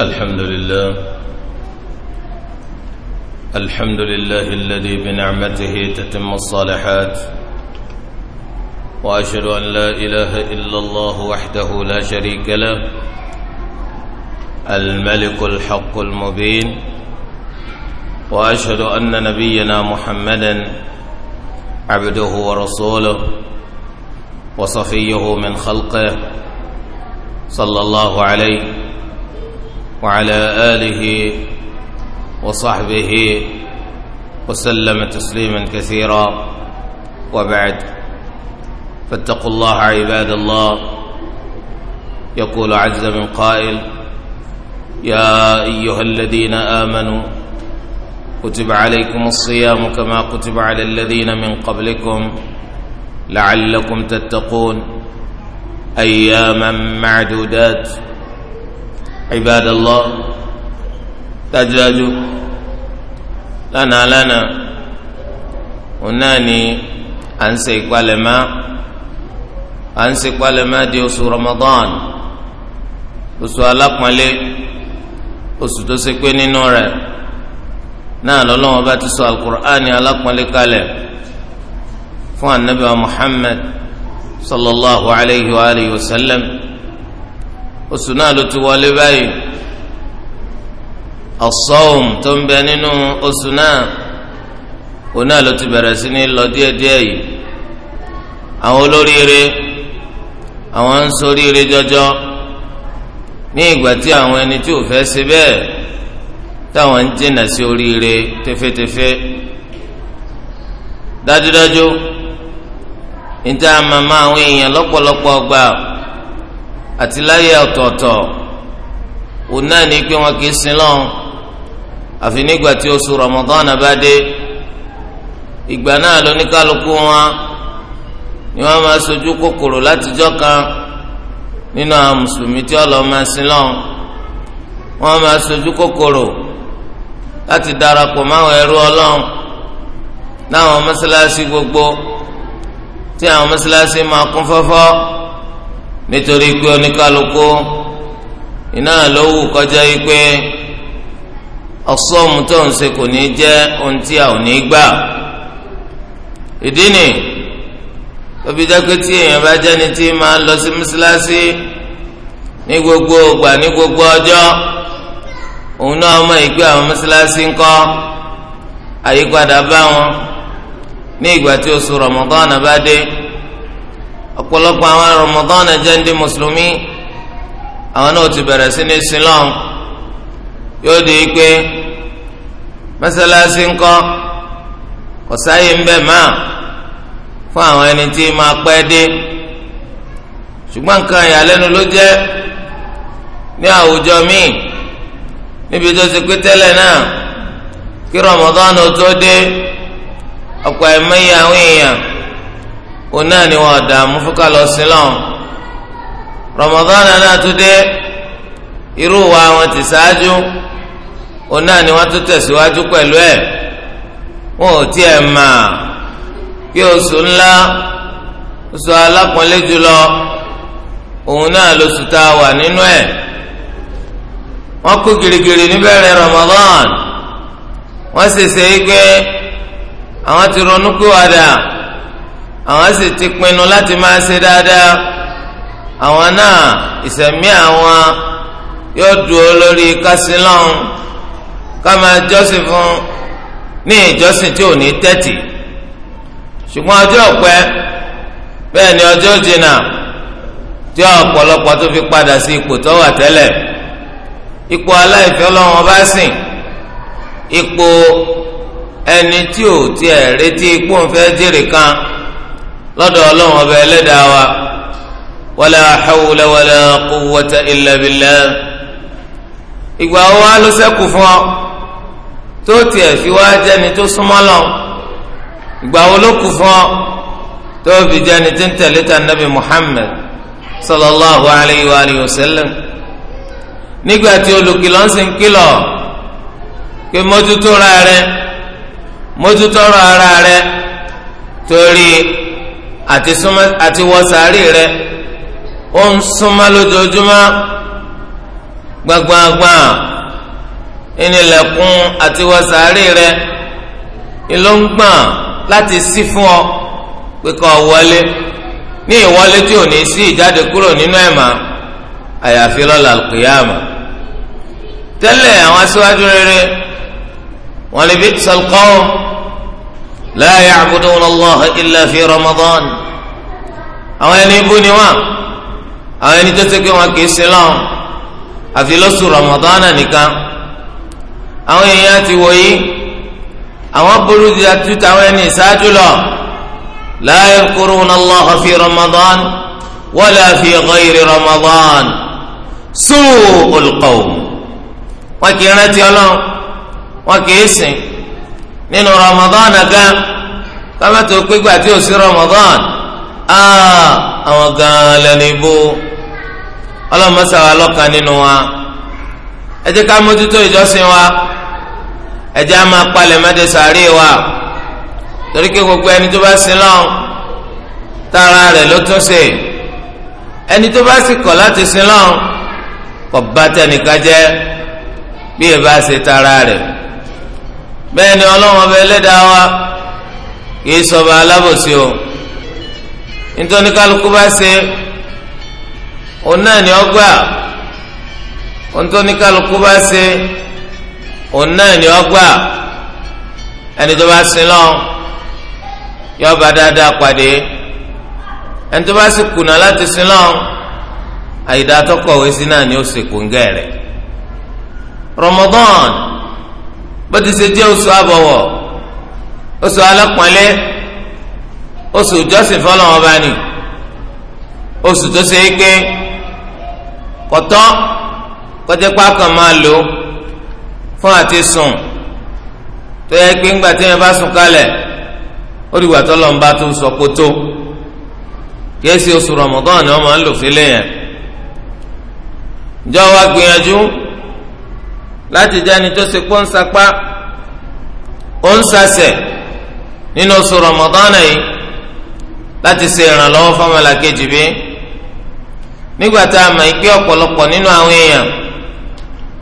الحمد لله الحمد لله الذي بنعمته تتم الصالحات وأشهد أن لا إله إلا الله وحده لا شريك له الملك الحق المبين وأشهد أن نبينا محمدا عبده ورسوله وصفيه من خلقه صلى الله عليه وعلى آله وصحبه وسلم تسليما كثيرا وبعد فاتقوا الله عباد الله يقول عز من قائل يا أيها الذين آمنوا كتب عليكم الصيام كما كتب على الذين من قبلكم لعلكم تتقون أياما معدودات عباد الله تجاجو لنا لنا وناني ni à ń ṣe ìpalẹ̀mọ́ à ń ṣe ìpalẹ̀mọ́ di oṣù Ramadan oṣù alápọ̀nlé oṣù tó ṣe pé nínú rẹ̀ náà lọ́lọ́wọ́ bá ti sọ alukur'ani alápọ̀nlé kalẹ̀ fún anabi wa Muhammad sallallahu alayhi wa sallam. oṣù náà ló ti wọlé báyìí as tó ń bẹ nínú oṣù náà òun náà ló ti bẹ̀rẹ̀ sí ní lọ díẹ̀díẹ̀ yìí àwọn olóríire àwọn ń soríire jọjọ ní ìgbà tí àwọn ẹni tí ò fẹ́ ṣe bẹ́ẹ̀ táwọn ń jìnnà sí oríire tẹfẹtẹfẹ dájúdájú níta màmá àwọn èèyàn lọ́pọ̀lọpọ̀ gbà. àti láyé ọ̀tọ̀ọ̀tọ̀ òun náà ní pé wọn kì í sin lọ́n àfi nígbà tí oṣù Ramadan bá dé ìgbà náà ló ní kálukú wọn ni wọn máa sojú kòkòrò látijọ́ kan nínú àwọn mùsùlùmí tí ọlọ́ máa sin lọ́n wọn máa sojú kòkòrò láti darapọ̀ máwọn ẹrú ọlọ́run náwọn mọ́sálásí gbogbo tí àwọn mọ́sálásí máa kún fọ́fọ́ nítorí pé oníkálukú iná ló wù kọjá yìí pé ọsọ́ọ̀mù tó ń ṣe kò ní jẹ́ ohun tí a ò ní gbà ìdí ni òbí dákẹ́ tí èèyàn bá jẹ́ni tí máa lọ sí mọ́sálásí ní gbogbo ògbà ní gbogbo ọjọ́ òun náà mọ ìgbé àwọn mọ́sálásí ńkọ́ àyípadà bá wọn ní ìgbà tí oṣù Ramadan bá dé. ọ̀pọ̀lọpọ̀ àwọn Ramadan jẹ́ ndí mùsùlùmí àwọn náà ti bẹ̀rẹ̀ sí ní sílọ̀m yóò di ikpe mẹ́sàlásí ńkọ́ kò sáyé ń máa fún àwọn ẹni tí máa pẹ́ dé ṣùgbọ́n nǹkan ìyàlẹ́nu ló jẹ́ ní àwùjọ míì níbi tó ti pé tẹ́lẹ̀ náà òun náà ni wọn dààmú fúkà lọ sí lọ́n Ramadan náà tún dé irú wa wọn ti ṣáájú òun náà ni wọn tún tẹ̀síwájú pẹ̀lú ẹ̀ wọn ò tiẹ̀ mà kí oṣù ńlá oṣù alápọ̀nlé jùlọ òun náà lóṣù tá a wà nínú ẹ̀ wọ́n kú girigiri níbẹ̀rẹ̀ Ramadan wọ́n sì ṣe é pé àwọn ti ronú kúwàdà àwọn sì ti pinnu láti máa ṣe dáadáa àwọn náà ìsẹ̀mí àwọn yóò dúró lórí kásílọ́ọ̀n ká máa jọ́sìn fún ní ìjọsìn tí ò ní tẹ́tì ṣùgbọ́n ọjọ́ ọ̀pẹ́ bẹ́ẹ̀ ni ọjọ́ jìnnà tí ọ̀pọ̀lọpọ̀ tó fi padà sí ipò tó wà tẹ́lẹ̀ ipò aláìfẹ́ ọlọ́run ọba sìn ipò ẹni tí ò tiẹ̀ retí ipò ń fẹ́ jèrè kan lọ́dọ̀ ọlọ́run ọba ẹlẹ́dàá wa wala hawla wala quwwata illa billah ìgbà wo wá ló ṣẹ́kù fún ọ tó tiẹ̀ fi wá jẹ́ni tó súnmọ́ lọ ìgbà wo ló kù fún ọ tó fi jẹ́ni tó ń tẹ̀lé ta nabi Muhammad sallallahu alayhi wa alihi wa sallam nígbà tí olùkìlọ̀ ń sìn kìlọ̀ pé mójútó ra rẹ mójútó ra ara rẹ torí àti súnmọ́ àti wọ sàárì rẹ ó ń súnmọ́ lójoojúmọ́ gbangbangba ìnìlẹ̀kùn àti wọ sàárì rẹ ìlú ń gbọ̀n láti ṣí fún ọ pé kó wọlé ní ìwọlé tí ò ní sí ìjáde kúrò nínú ẹ̀ máa àyàfi lọ́la kìyàmà tẹ́lẹ̀ àwọn aṣíwájú rere wọn ni bí sọlkọ́ọ̀ la ya'buduna Allah illa fi Ramadan àwọn ẹni ibú ni wọn àwọn ẹni tó ṣe pé wọn kì í ṣe lọ́wọ́ àfi lọ́sù Ramadan nìkan àwọn èèyàn ti wòye àwọn burú ti àtúntà àwọn ẹni ìṣáájú lọ la yadhkuruna Allah fi Ramadan wala fi ghayri Ramadan su'ul qawm wọn kì í rántí Ọlọ́run wọn kì í sìn nínú Ramadan gan kámẹ́tò pígbà tí ò sí Ramadan ah, àwọn gan lẹ́nu ibú ọlọ́mọsáwá lọ́kàn nínú wa ẹ jẹ́ ká mójútó ìjọsìn wa ẹ jẹ́ á máa palẹ̀ mẹ́tẹ̀ sàárè wa torí kí gbogbo ẹni tó bá sin lọ́n tara rẹ̀ ló tún ṣe ẹni tó bá sì kọ̀ láti sin lọ́n kọ̀ bá tẹnìkan jẹ́ bí ẹ bá ṣe tara rẹ̀ bẹ́ẹ̀ ni ọlọ́run ọba ẹlẹ́dàá wa kìí sọba alábòsí o nítorí kálukú bá ṣe òun náà ni ọgbà nítorí kálukú bá ṣe òun náà ni ọgbà ẹni tó bá sin lọ yọ ọba dáadáa pàdé ẹni tó bá sì kùnà láti sin lọ àyídá tó kọ̀wé sí náà ni ó sì kùn gẹ̀rẹ̀ Ramadan bó ti ṣe jẹ́ oṣù àbọ̀wọ̀ oṣù alápọ̀nlé oṣù jọ́sìn fọlọ́wọ́n bá ní oṣù tó ṣe é pé kọ̀tọ́ kọjá pákan máa lò fún àti sùn tó yẹ pé ńgbà tí wọn bá sùn kalẹ̀ ó dìgbà tó lọ́n bá tó sọ kó tó kí ẹ oṣù Ramadan ni wọ́n máa ń lò fílẹ̀ yẹn ìjọ gbìyànjú. láti jẹ́ ẹni tó ṣe pé ó ń sapá ó ń sasẹ̀ nínú oṣù rọmọdánà yìí láti ṣe kejì bí nígbà tá a mọ̀ ike ọ̀pọ̀lọpọ̀ nínú àwọn èèyàn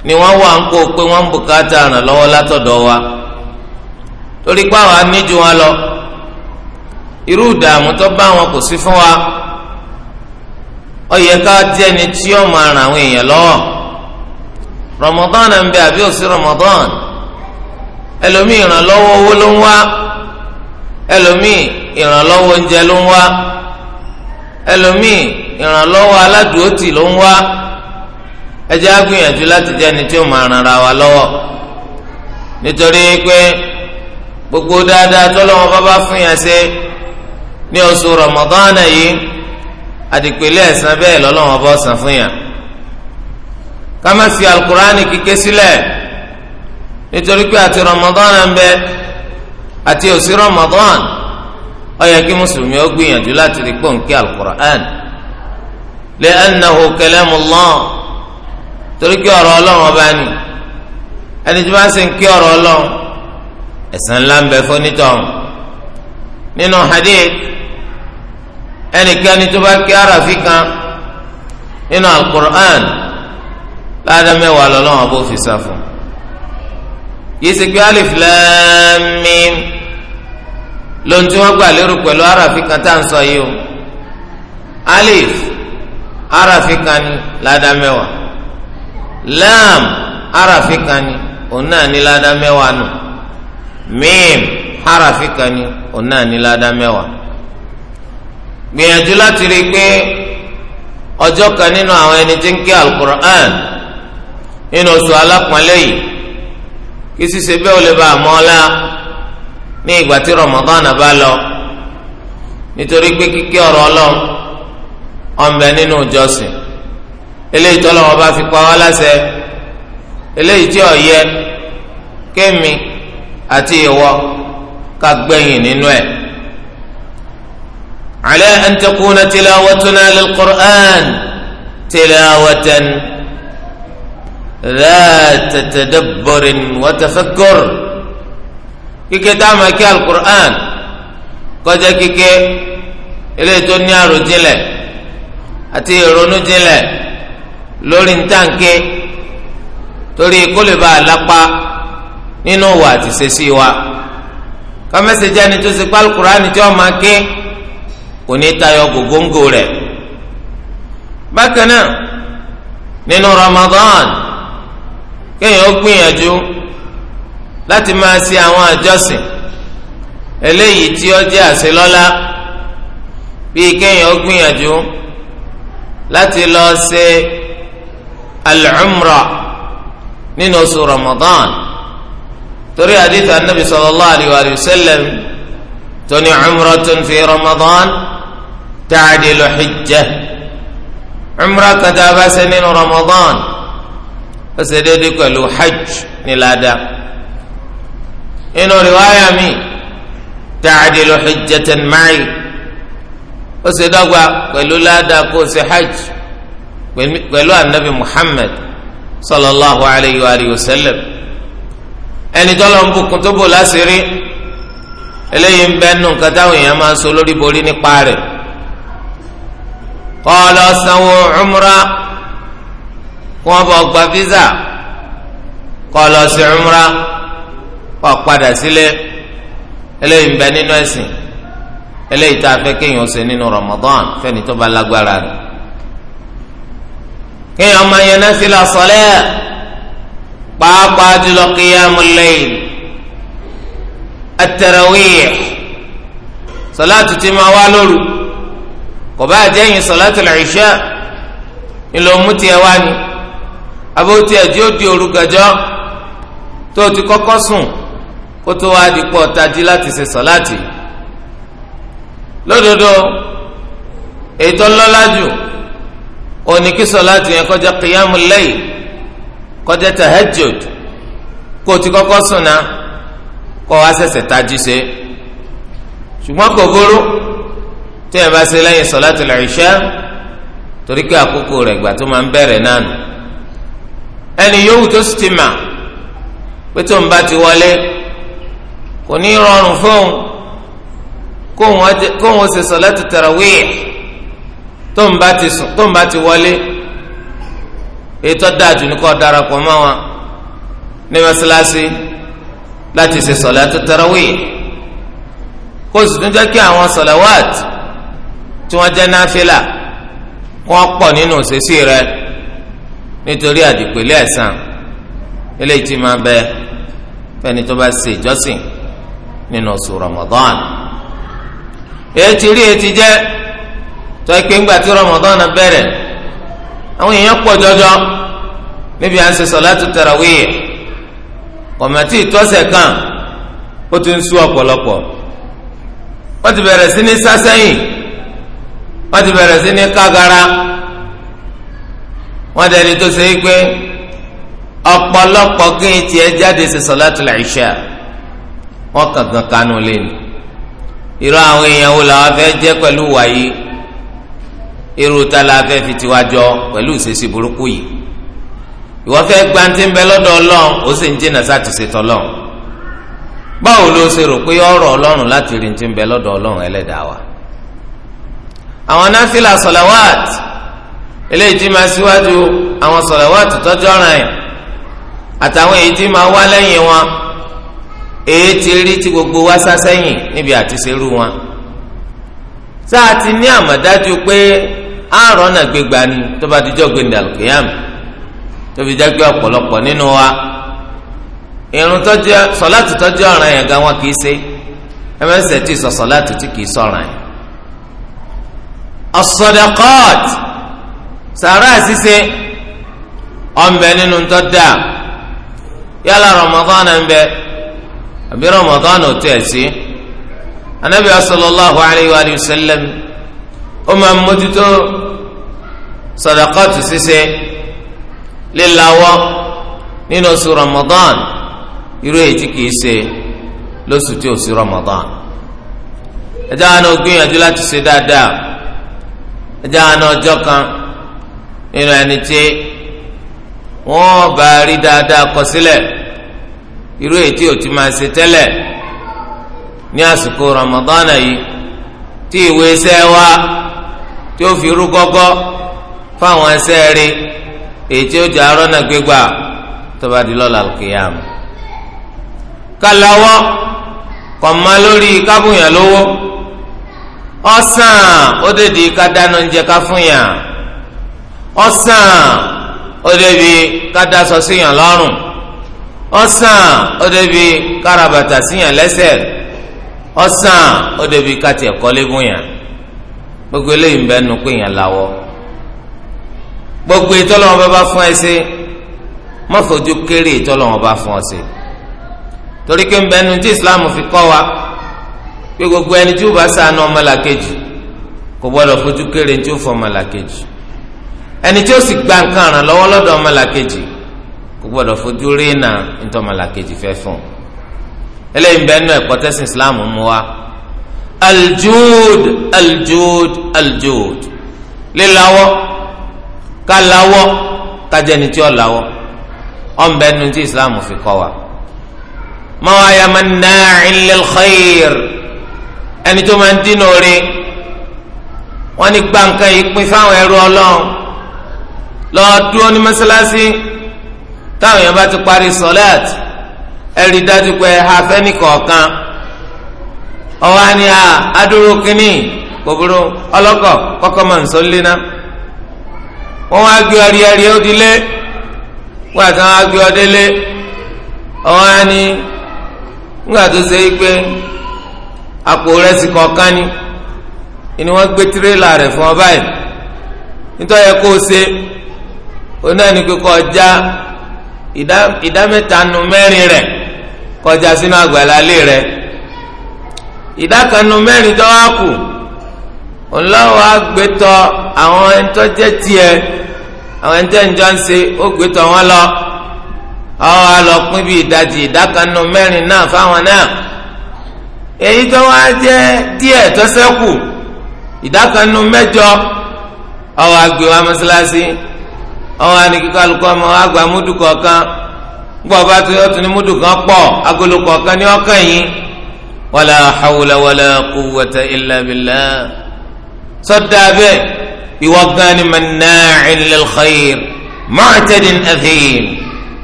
ni wọ́n wà ń kó pé wọ́n ń bùkátà ìrànlọ́wọ́ látọ̀dọ̀ wa torí pé àwa níjú wọn lọ irú ìdààmú tó bá wọn kò sí fún wa ó jẹ́ ẹni tí ó máa ràn àwọn èèyàn lọ́wọ́ rọmọdán na bẹ àbí òsì rọmọdán ẹlòmíì ìrànlọ́wọ́ owó ló lo nwa ẹlòmíì ìrànlọ́wọ́ oúnjẹ ló ń wá ẹlòmíì ìrànlọ́wọ́ aládùúgbòtì ló ń wá ẹ jẹ́ á lati láti jẹ́ ẹni tí ó máa nitori ara gbogbo dáadáa tọ́lọ́wọ́n bá bá fún yẹn ṣe ní oṣù rọmọdán yìí àdìpẹ́lẹ́ ká má fi alukurani kíké sílẹ̀ nítorí pé àti ramadan ń bẹ àti òsì ramadan ó yẹ kí mùsùlùmí ó gbìyànjú láti rí pọ̀nkí alukurani li'annahu kalamullah torí kí ọ̀rọ̀ ọlọ́run ọba ni ẹni tí wọ́n á sì ń kí ọ̀rọ̀ ọlọ́run ẹ̀san ńlá ń bẹ fún nítọ̀hún nínú hadith ẹnikẹ́ni tó kí arafi kan nínú alukur'an láàdá mẹ́wàá lọ́lọ́wọ́ bó fi sá fún yìí ṣe pé alif lam mim lóhun tí wọ́n gbà lérò pẹ̀lú aráàfin kan tá à ń sọ yìí o alif aráàfin kan ní láàdá mẹ́wàá lam aráàfin kan ní òun náà ní láàdá mẹ́wàá nù mim aráàfin kan ní òun náà ní láàdá mẹ́wàá gbìyànjú láti rí i pé ọjọ́ kan nínú àwọn ẹni tí ń ké alukur'an nínú oṣù alápọ̀nlé yìí kí ṣíṣe bẹ́ẹ̀ ò lè bá àmọ́ ọ́lá ní ìgbà tí Ramadan bá lọ nítorí pé kíké ọ̀rọ̀ ọlọ́run ọ̀nbẹ nínú ìjọsìn eléyìí tí Ọlọ́run bá fi pa wá láṣẹ eléyìí tí ó kémi àti ìwọ ká gbẹ̀yìn nínú ẹ̀. ala an takuna tilawatuna lil Qur'an ذات تدبر وتفكر kíké tá a máa kí alukur'an kọjá kíké eléyìí tó ní àròjinlẹ̀ àti ìrònújinlẹ̀ lórí ntànkì torí kó lè bá a lápá nínú wa àti ṣèṣì wa kọ́mẹ́sì jáde tó ṣe pé alukur'an tí wọ́n máa ké kò ní tayọ gògóńgò rẹ̀ bákan náà nínú Ramadan kéèyàn ó gbìyànjú láti máa ṣe àwọn àjọsìn eléyìí tí ó jẹ́ àṣelọ́lá bíi kéèyàn ó gbìyànjú láti lọ ṣe al-umra nínú oṣù Ramadan torí hadith anabi sallallahu alayhi wa sallam tóní umratun fi Ramadan ta'dilu hijjah umra kan tá nínú Ramadan ó ṣe déédéé pẹ̀lú hajj ní ládàá inú riwaya mi ta'dilu hujjatan ma'i ó ṣe dọ́gba pẹ̀lú ládàá kó ṣe hajj pẹ̀lú anabi muhammad sallallahu alayhi wa alihi wa sallam ẹni tọ́lọ̀ ń bùkún tó bò láṣìírí eléyìí ń bẹ́ nù nǹkan táwọn èèyàn máa ń sọ lórí borí nípa rẹ̀ kọ́ ọ lọ sanwó umrah. wọ́n bọ̀ gba visa kọ́ lọ sí umra kọ́ padà sílé eléyìí ń bẹ nínú ẹ̀sìn eléyìí tá a fẹ́ kéèyàn ṣe nínú Ramadan fẹ́ni tó bá lágbára rẹ̀ kéèyàn máa yẹn náà sí la sọlẹ́ pàápàá jùlọ qiyamul layl at sọláàtù ti ma wá lóru kò bá jẹ́yìn sọláàtù wá ni. abóti ẹ̀dí ó di òru gànjọ́ tó o ti kọ́kọ́ sùn kó tó wá di pọ̀ tají láti ṣe sọ̀láàtì lódodo ètò ńlọ́lájú òní kí sọ̀láàtì yẹn kọjá kìyàmù lẹ́yìn kọjá tahajjud kó o ti kọ́kọ́ sùn náà kó o wá ṣẹ̀ṣẹ̀ tají ṣe ṣùgbọ́n kò burú tí ẹ bá ṣe lẹ́yìn sọ̀láàtì l'Isha torí pé àkókò rẹ̀ gbà tó máa ń bẹ̀rẹ̀ náà nù ẹni yòówù tó sì ti mà pé tó ń bá ti wọlé kò ní rọrùn fóun kóun ó ṣe sọlátù tarawih tó ń bá ti sùn tó ń bá ti wọlé ètò dáàjù ní kò darapọ̀ mọ́ wọn ní mọ́sálásí láti ṣe sọlátù tarawih kó sì tún jẹ́ kí àwọn sọlẹ́wàt tí wọ́n jẹ́ náfìlà wọ́n pọ̀ nínú òṣèṣì rẹ̀. nítorí àdìpẹ̀lẹ̀ ẹ̀san eléyìí tí máa bẹ fẹ́ni tó bá ṣe ìjọsìn nínú oṣù Ramadan ètí rí ètí jẹ́ tó ẹ pé ńgbà tí Ramadan bẹ̀rẹ̀ àwọn èèyàn pọ̀ jọjọ níbi à ń ṣe sọ̀látù tarawih kọ̀mọ̀tì ìtọ́sẹ̀ kan ó ti ń sú ọ̀pọ̀lọpọ̀ wọ́n ti bẹ̀rẹ̀ sí ní sásẹ́yìn wọ́n ti bẹ̀rẹ̀ sí ní kágara. wọ́n dẹni tó ṣe é pé ọ̀pọ̀lọpọ̀ kí n tiẹ̀ jáde ṣe sọ̀látul ìṣà wọn kankan kanu lé ní. irú àwọn èèyàn wo làwọn fẹ́ jẹ́ pẹ̀lú wàyí irú ta la fẹ́ fi tiwa jọ sesi ìṣesí burúkú yìí. ìwọ gba gbanti ń bẹ lọ́dọ̀ ọlọ́run ó sì ń jìnnà sáti ṣètò tọlọ. báwo ló ṣe rò pé ọ̀rọ̀ ọlọ́run láti rìn ti ń bẹ lọ́dọ̀ ọlọ́run ẹlẹ́dàá wa. àwọn náfìlà sọ̀làwáàtì eléyìí tí máa síwájú àwọn sọ̀làwátù tọ́jú ọ̀ràn yẹn àtàwọn èyí tí máa wá lẹ́yìn wọn èyí ti rí tí gbogbo wa sá sẹ́yìn níbi àtiṣerú wọn sáà ti ní àmọ̀dájú pé àárọ̀ náà gbégbá ni tó bá dijọ́ gbẹ̀ndàlùkìyàmù tó fi jẹ́ pé ọ̀pọ̀lọpọ̀ nínú wa irun tọ́jú sọ̀láàtù tọ́jú ọ̀ràn yẹn gan wọn kì í ṣe ẹ̀mẹ́sẹ̀ tí sọ sọ̀láàtù tí kì í sọ̀ràn yẹn. as sàrà ṣíṣe ọ̀nbẹ nínú tó dáa yálà rọmọdánà ń bẹ àbí rọmọdánà ò tó ẹ̀ sí anabi sallallahu alayhi wa sallam ó máa ń mójútó sọdọkọtù ṣíṣe líláwọ nínú oṣù rọmọdán irú èyí tí kìí ṣe lóṣù tí ò sí ẹjọ́ àna ó gbìyànjú láti ṣe dáadáa ẹjọ́ àna ọjọ́ kan. inu ẹni tí wọ́n bá rí dáadáa kọ sílẹ̀ irú èyí o ti máa ṣe ní àsìkò Ramadan yìí tí ìwé iṣẹ́ wa tí ó fi rú gọ́gọ́ fáwọn ẹsẹ̀ rí èyí ó jẹ́ arọ́nà gbégbà tó bá di lọ́la kìyàm. kàlàwọ́ kọ̀mọ́ lórí kábùyàn lówó ọ̀sán ó dèdè ká dáná oúnjẹ ká fún yàn ọ̀sán ó débi kádásọ síyàn lọ́rùn ọ̀sán ó débi kárabàtà síyàn lẹ́sẹ̀ ọ̀sán ó débi kátì ẹ̀kọ́légún yàn gbogbo eléyìí ń bẹ́ nu pé yàn láwọ́ gbogbo ìtọ́lọ́wọ́n bá bá fún ẹ sí má fojú kéré ìtọ́lọ́wọ́n bá fún ọ sí torí pé ń bẹ́ nu tí Islam fi kọ́ wa pé gbogbo ẹni tí ó bá ṣàánú ọmọlàkejì kò gbọ́dọ̀ fojú kéré tí ó fọ ọmọlàkejì ẹni tí ó sì gba nǹkan ràn lọ́wọ́ lọ́dọ̀ ọmọlàkejì kò gbọ́dọ̀ fojú rí nà nítorí ọmọlàkejì fẹ́ fún un eléyìí bẹ́ẹ̀ nínú ẹ̀kọ́ tẹ́sí Islam mú wa aljud aljud aljud lílawọ́ kálawọ́ kájẹni tí ó lawọ́ ọ̀nbẹ́ nínú tí Islam fi kọ́ wa mọ́wá ya máa ná ilẹ̀ xeyìr ẹni tó máa ń dín nù wọ́n ní gbàǹkan yìí pín fáwọn ẹrú ọlọ́run. lọ́ọ́ dúró ní mọ́sálásí táwọn èèyàn bá ti parí sọ́láàtì ẹ dájú pé afẹ́ ọwọ́ á ní adúró kínní kò ọlọ́kọ̀ kọ́kọ́ máa ń lé ná wọ́n wá gbé ọrí ẹrí ó lé wọ́n àti wọ́n onáà ní kíkọ́ ọjà ìdá mẹ́ta nu mẹ́rin rẹ̀ kọjá sínú àgbàlá lé rẹ̀ ìdá kan nu mẹ́rin tó wá kù ńlọ́wọ́ agbẹ́tọ̀ àwọn ẹ̀ńtọ́jẹ́ tiẹ̀ àwọn ẹ̀ńtẹ́njọ́ ń ṣe ó gbẹ́tọ̀ wọn lọ ọwọ́ alọ́pin bíi ìdajì ìdá kan nu mẹ́rin náà fáwọn náà èyí tó wá jẹ́ díẹ̀ tó ṣẹ́kù ìdá nu mẹ́jọ ọwọ́ agbẹ́wà mọ́ṣáláṣí àwọn anìkíkọ alùpùpù ọmọ àgbà múdù kọ̀ọ̀kan gbọ́ bá ti ọtún ní múdù kan pọ̀ agolo kọ̀ọ̀kan ní ọkàn yìí wàlà hawla wàlà quwwata illa billah sọ́dà bẹ́ẹ̀ ìwọ gan ni manna'in lil khair mu'tadin athim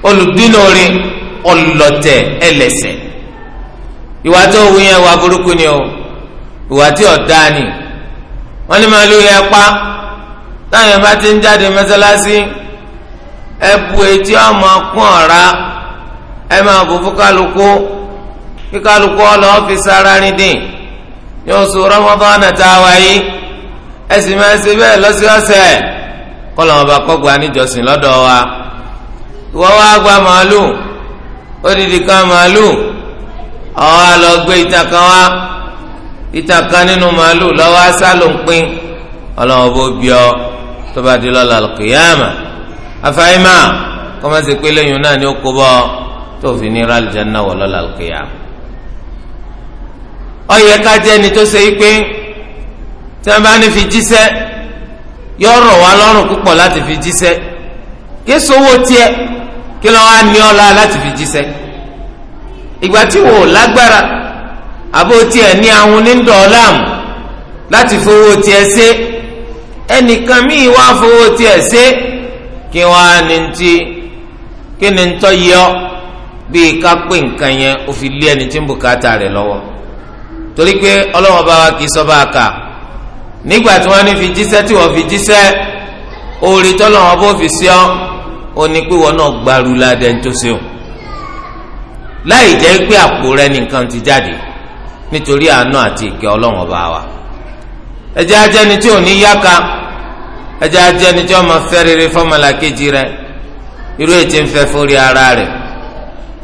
olùdínlórí ọlọ̀tẹ̀ ẹlẹ́ṣẹ̀ ìwà tó wù wà burúkú ni o ìwà tí ọ̀ dáa wọ́n ní màálù yẹn pa táwọn yẹn bá ti ń jáde mọ́sálásí ẹ bu etí ọmọ kún ọ̀rá ẹ máa bò fún kálukú kí kálukú ọ̀lọ́ ọ́fíìsì ara rìn dín ní oṣù rọ́mọdọ́nà tá a wáyé ẹ sì máa ṣe bẹ́ẹ̀ lọ́sọ̀ọ̀sẹ̀ kọ́lọ̀ wọn bá kọ́gbà níjọsìn lọ́dọ̀ wa ìwọ́ wa gba màálù odidi kan màálù ọ̀hún a gbé ìtàn kan wá ìtàn kan nínú màálù lọ́wọ́ á sálò ń pín ọlọ́wọ́ bó bí ọ tó bá di lọ́la alqiyama afáyímà kọ́mọ́sí pé lẹ́yìn náà ni ó kó bọ́ tó fi ní rálìjánná wọ̀ lọ́la alqiyama. ó yẹ ká jẹ́ ẹni tó ṣe é pé tí wọ́n bá ní fi jíṣẹ́ yọ rọ̀ wá lọ́rùn púpọ̀ láti fi jíṣẹ́ kí sówó tiẹ̀ kí lọ́wọ́ á ní ọ̀la láti fi jíṣẹ́ ìgbà tí wò lágbára àbó tiẹ̀ ní àwọn onídọ̀ọ́lá láti fowó tiẹ̀ ṣe ẹnìkan míì wá fowó tiẹ̀ ṣe kí wọ́n á ní ti kí ni ń tọ́ yọ bíi ká pé nǹkan yẹn ó fi lé ẹni tí ń bùkátà rẹ̀ lọ́wọ́ torí pé ọlọ́wọ́n bá wa kì í sọ bá a kà nígbà tí wọ́n ní fi jíṣẹ́ tí wọ́n fi jíṣẹ́ orí tọ́lọ́wọ́n bó fi sí ọ́ ó ní pé wọ́n náà gbaru ládẹ́ ń tó ṣe o láì jẹ́ pé àpò rẹ̀ nìkan ti jáde nítorí àánú àti ìkẹ́ ọlọ́wọ́n bá wa. ẹjẹ ajẹni tí ò ní yáka ẹjẹ ajẹni tí ọmọ fẹ́ rere fọmọlá kejì irú ètí ń fórí ara rẹ̀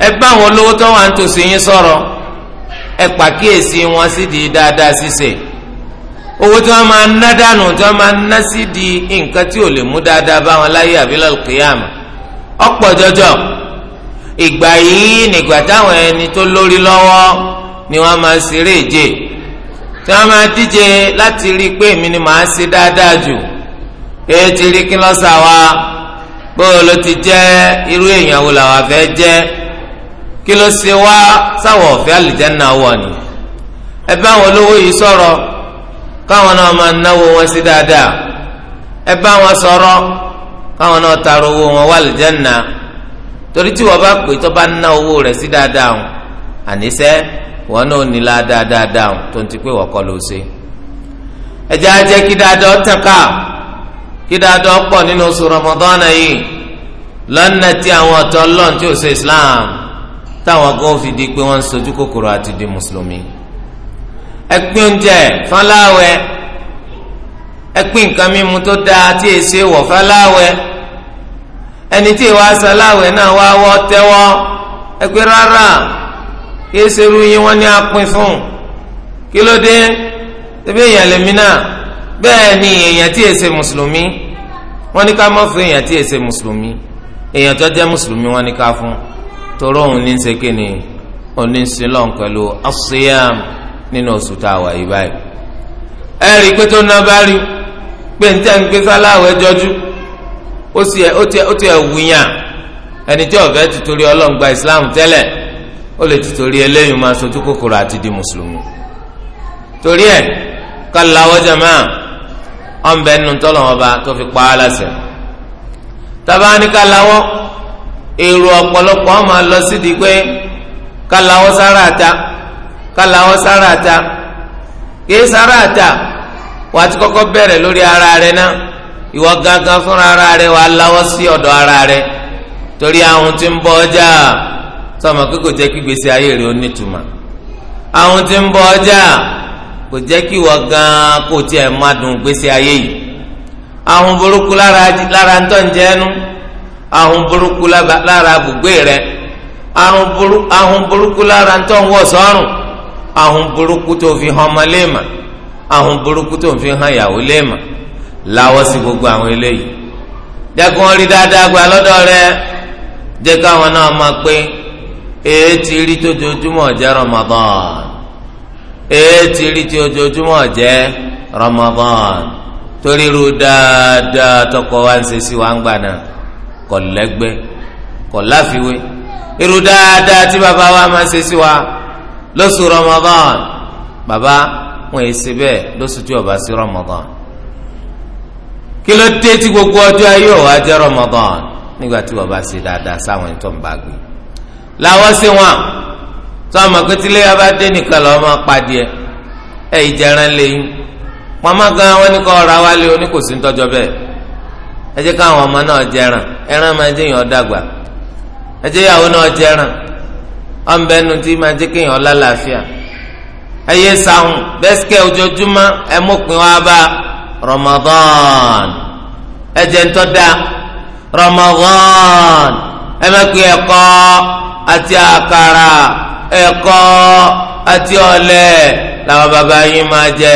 ẹ bá àwọn olówó tó wà ń tòsí yín sọ̀rọ̀ ẹ pàkíyèsí wọn di dáadáa sise. owó tí wọ́n máa ná dànù tí wọ́n máa ná sí di nǹkan tí ò lè mú dáadáa bá wọn láyé àbílẹ̀ kìyàmù ọ̀pọ̀ jọjọ ìgbà yìí táwọn ẹni tó ni máa ṣeré tí wọ́n máa díje láti rí i pé èmi ni màá ṣe dáadáa jù èyí rí kí lọ́sà wá bó ló ti jẹ́ irú èèyàn wo làwọn afẹ́ jẹ́ kí ló ṣe wá sáwọ̀ ọ̀fẹ́ àlìjáná wọ̀ ni ẹ bá wọn olówó yìí sọ̀rọ̀ tara owó wọn wà torí tí wọ́n bá pè tó bá ná owó rẹ̀ sí wọn náà ní ládàá dáadáa tó ń ti pé wọ́n ló ṣe. ẹ jẹ́ kí dáadáa tàn kí dáadáa pọ̀ nínú oṣù yìí lọ́nà tí àwọn tí ò ṣe Islam táwọn gan fi di pé wọ́n ń àti di mùsùlùmí. oúnjẹ fọláwẹ nǹkan mímu tó dáa tí èsì wọ̀ fọláwẹ ẹni tí ìwà náà wá wọ́ tẹ́wọ́ rárá kéésèrú yín wọ́n ní apin fún kí ló dé ebi èèyàn lèmi náà bẹ́ẹ̀ ni èèyàn tí èsè mùsùlùmí wọ́n ní ká mọ̀ fún èèyàn tí èsè mùsùlùmí èèyàn tó jẹ́ mùsùlùmí wọ́n ní ká fún torọ́ òun ní ṣe kí ni òun ní ṣe pẹ̀lú asiyam nínú oṣù tá a wà yí báyìí. ẹ rí i pé tó ná bá rí pé ní tẹ́ ń gbé jọjú ó ti ẹ̀ wúyàn ẹni tí ọ̀fẹ́ ti torí ọlọ́ngbà Islam tẹ́lẹ̀ ó lè ti torí eléyìí máa sojú kòkòrò àti di mùsùlùmí torí ẹ kálíláwọ́ jẹ̀mọ́ ọ̀nbẹ nínú tọ́lọ̀mọba tó fi pa á lásẹ̀ tábà ní kálíláwọ́ èrò ọ̀pọ̀lọpọ̀ ọmọ lọ sídìí pé kálíláwọ́ sára àta kálíláwọ́ sára àta kìí sára àta wà á ti kọ́kọ́ bẹ̀rẹ̀ lórí ara rẹ náà ìwọ gángan fúnra ara rẹ wà á láwọ́ sí ọ̀dọ̀ ara rẹ torí àwọn tí ń bọ́ ọjà. Ja sọmọ pé kò jẹ́ kí gbèsè ayé rẹ̀ ó nítumọ̀ àwọn tí ń bọ ọjà kò jẹ́ kí wọ́n gan kó tiẹ̀ má dùn gbèsè ayé yìí àwọn burúkú lára ń tọ́ ń ẹnu àwọn burúkú lára àbùgbé rẹ̀ àwọn burúkú lára ń tọ́ ń wọ̀ àwọn burúkú tó fi hàn ọmọ léèmà àwọn burúkú tó fi gbogbo àwọn eléyìí jẹ́ kí wọ́n rí dáadáa lọ́dọ̀ rẹ̀ jẹ́ káwọn náà máa pé. ètí rí tó ojoojúmọ́ jẹ́ Ramadan ètí rí tó ojoojúmọ́ jẹ́ Ramadan torí irú dáadáa tọkọ wa ń ṣe sí wa ń gbà náà kò lẹ́gbẹ́ kò láfiwé irú dáadáa tí bàbá wa máa ń ṣe sí wa lóṣù Ramadan bàbá wọn è ṣe bẹ́ẹ̀ lóṣù tí ó sí Ramadan kí ló dé tí gbogbo ọjọ́ ayé ò wá Ramadan nígbà tí bàbá ṣe dáadáa sáwọn ìtọ́ ń bá gbé. làwọn sí wọn tó àmọ́ pétílé yà bá dé nìkan lọ máa pàdé ẹ ìjẹran lẹ́yìn pàmò gan wọn ní ọ̀rọ̀ àwa lé oní sí bẹ́ẹ̀ ẹ jẹ́ káwọn ọmọ náà jẹran ẹran máa jẹ èèyàn dàgbà ẹ jẹ́ ìyàwó náà jẹran ọmọbẹnu tí máa jẹ́ kéèyàn ẹ ojoojúmọ́ ẹ wá bá ẹ ń tọ́ da ẹ má àti àkàrà ẹ̀kọ àti ọ̀lẹ̀ làwọn bàbá yín máa jẹ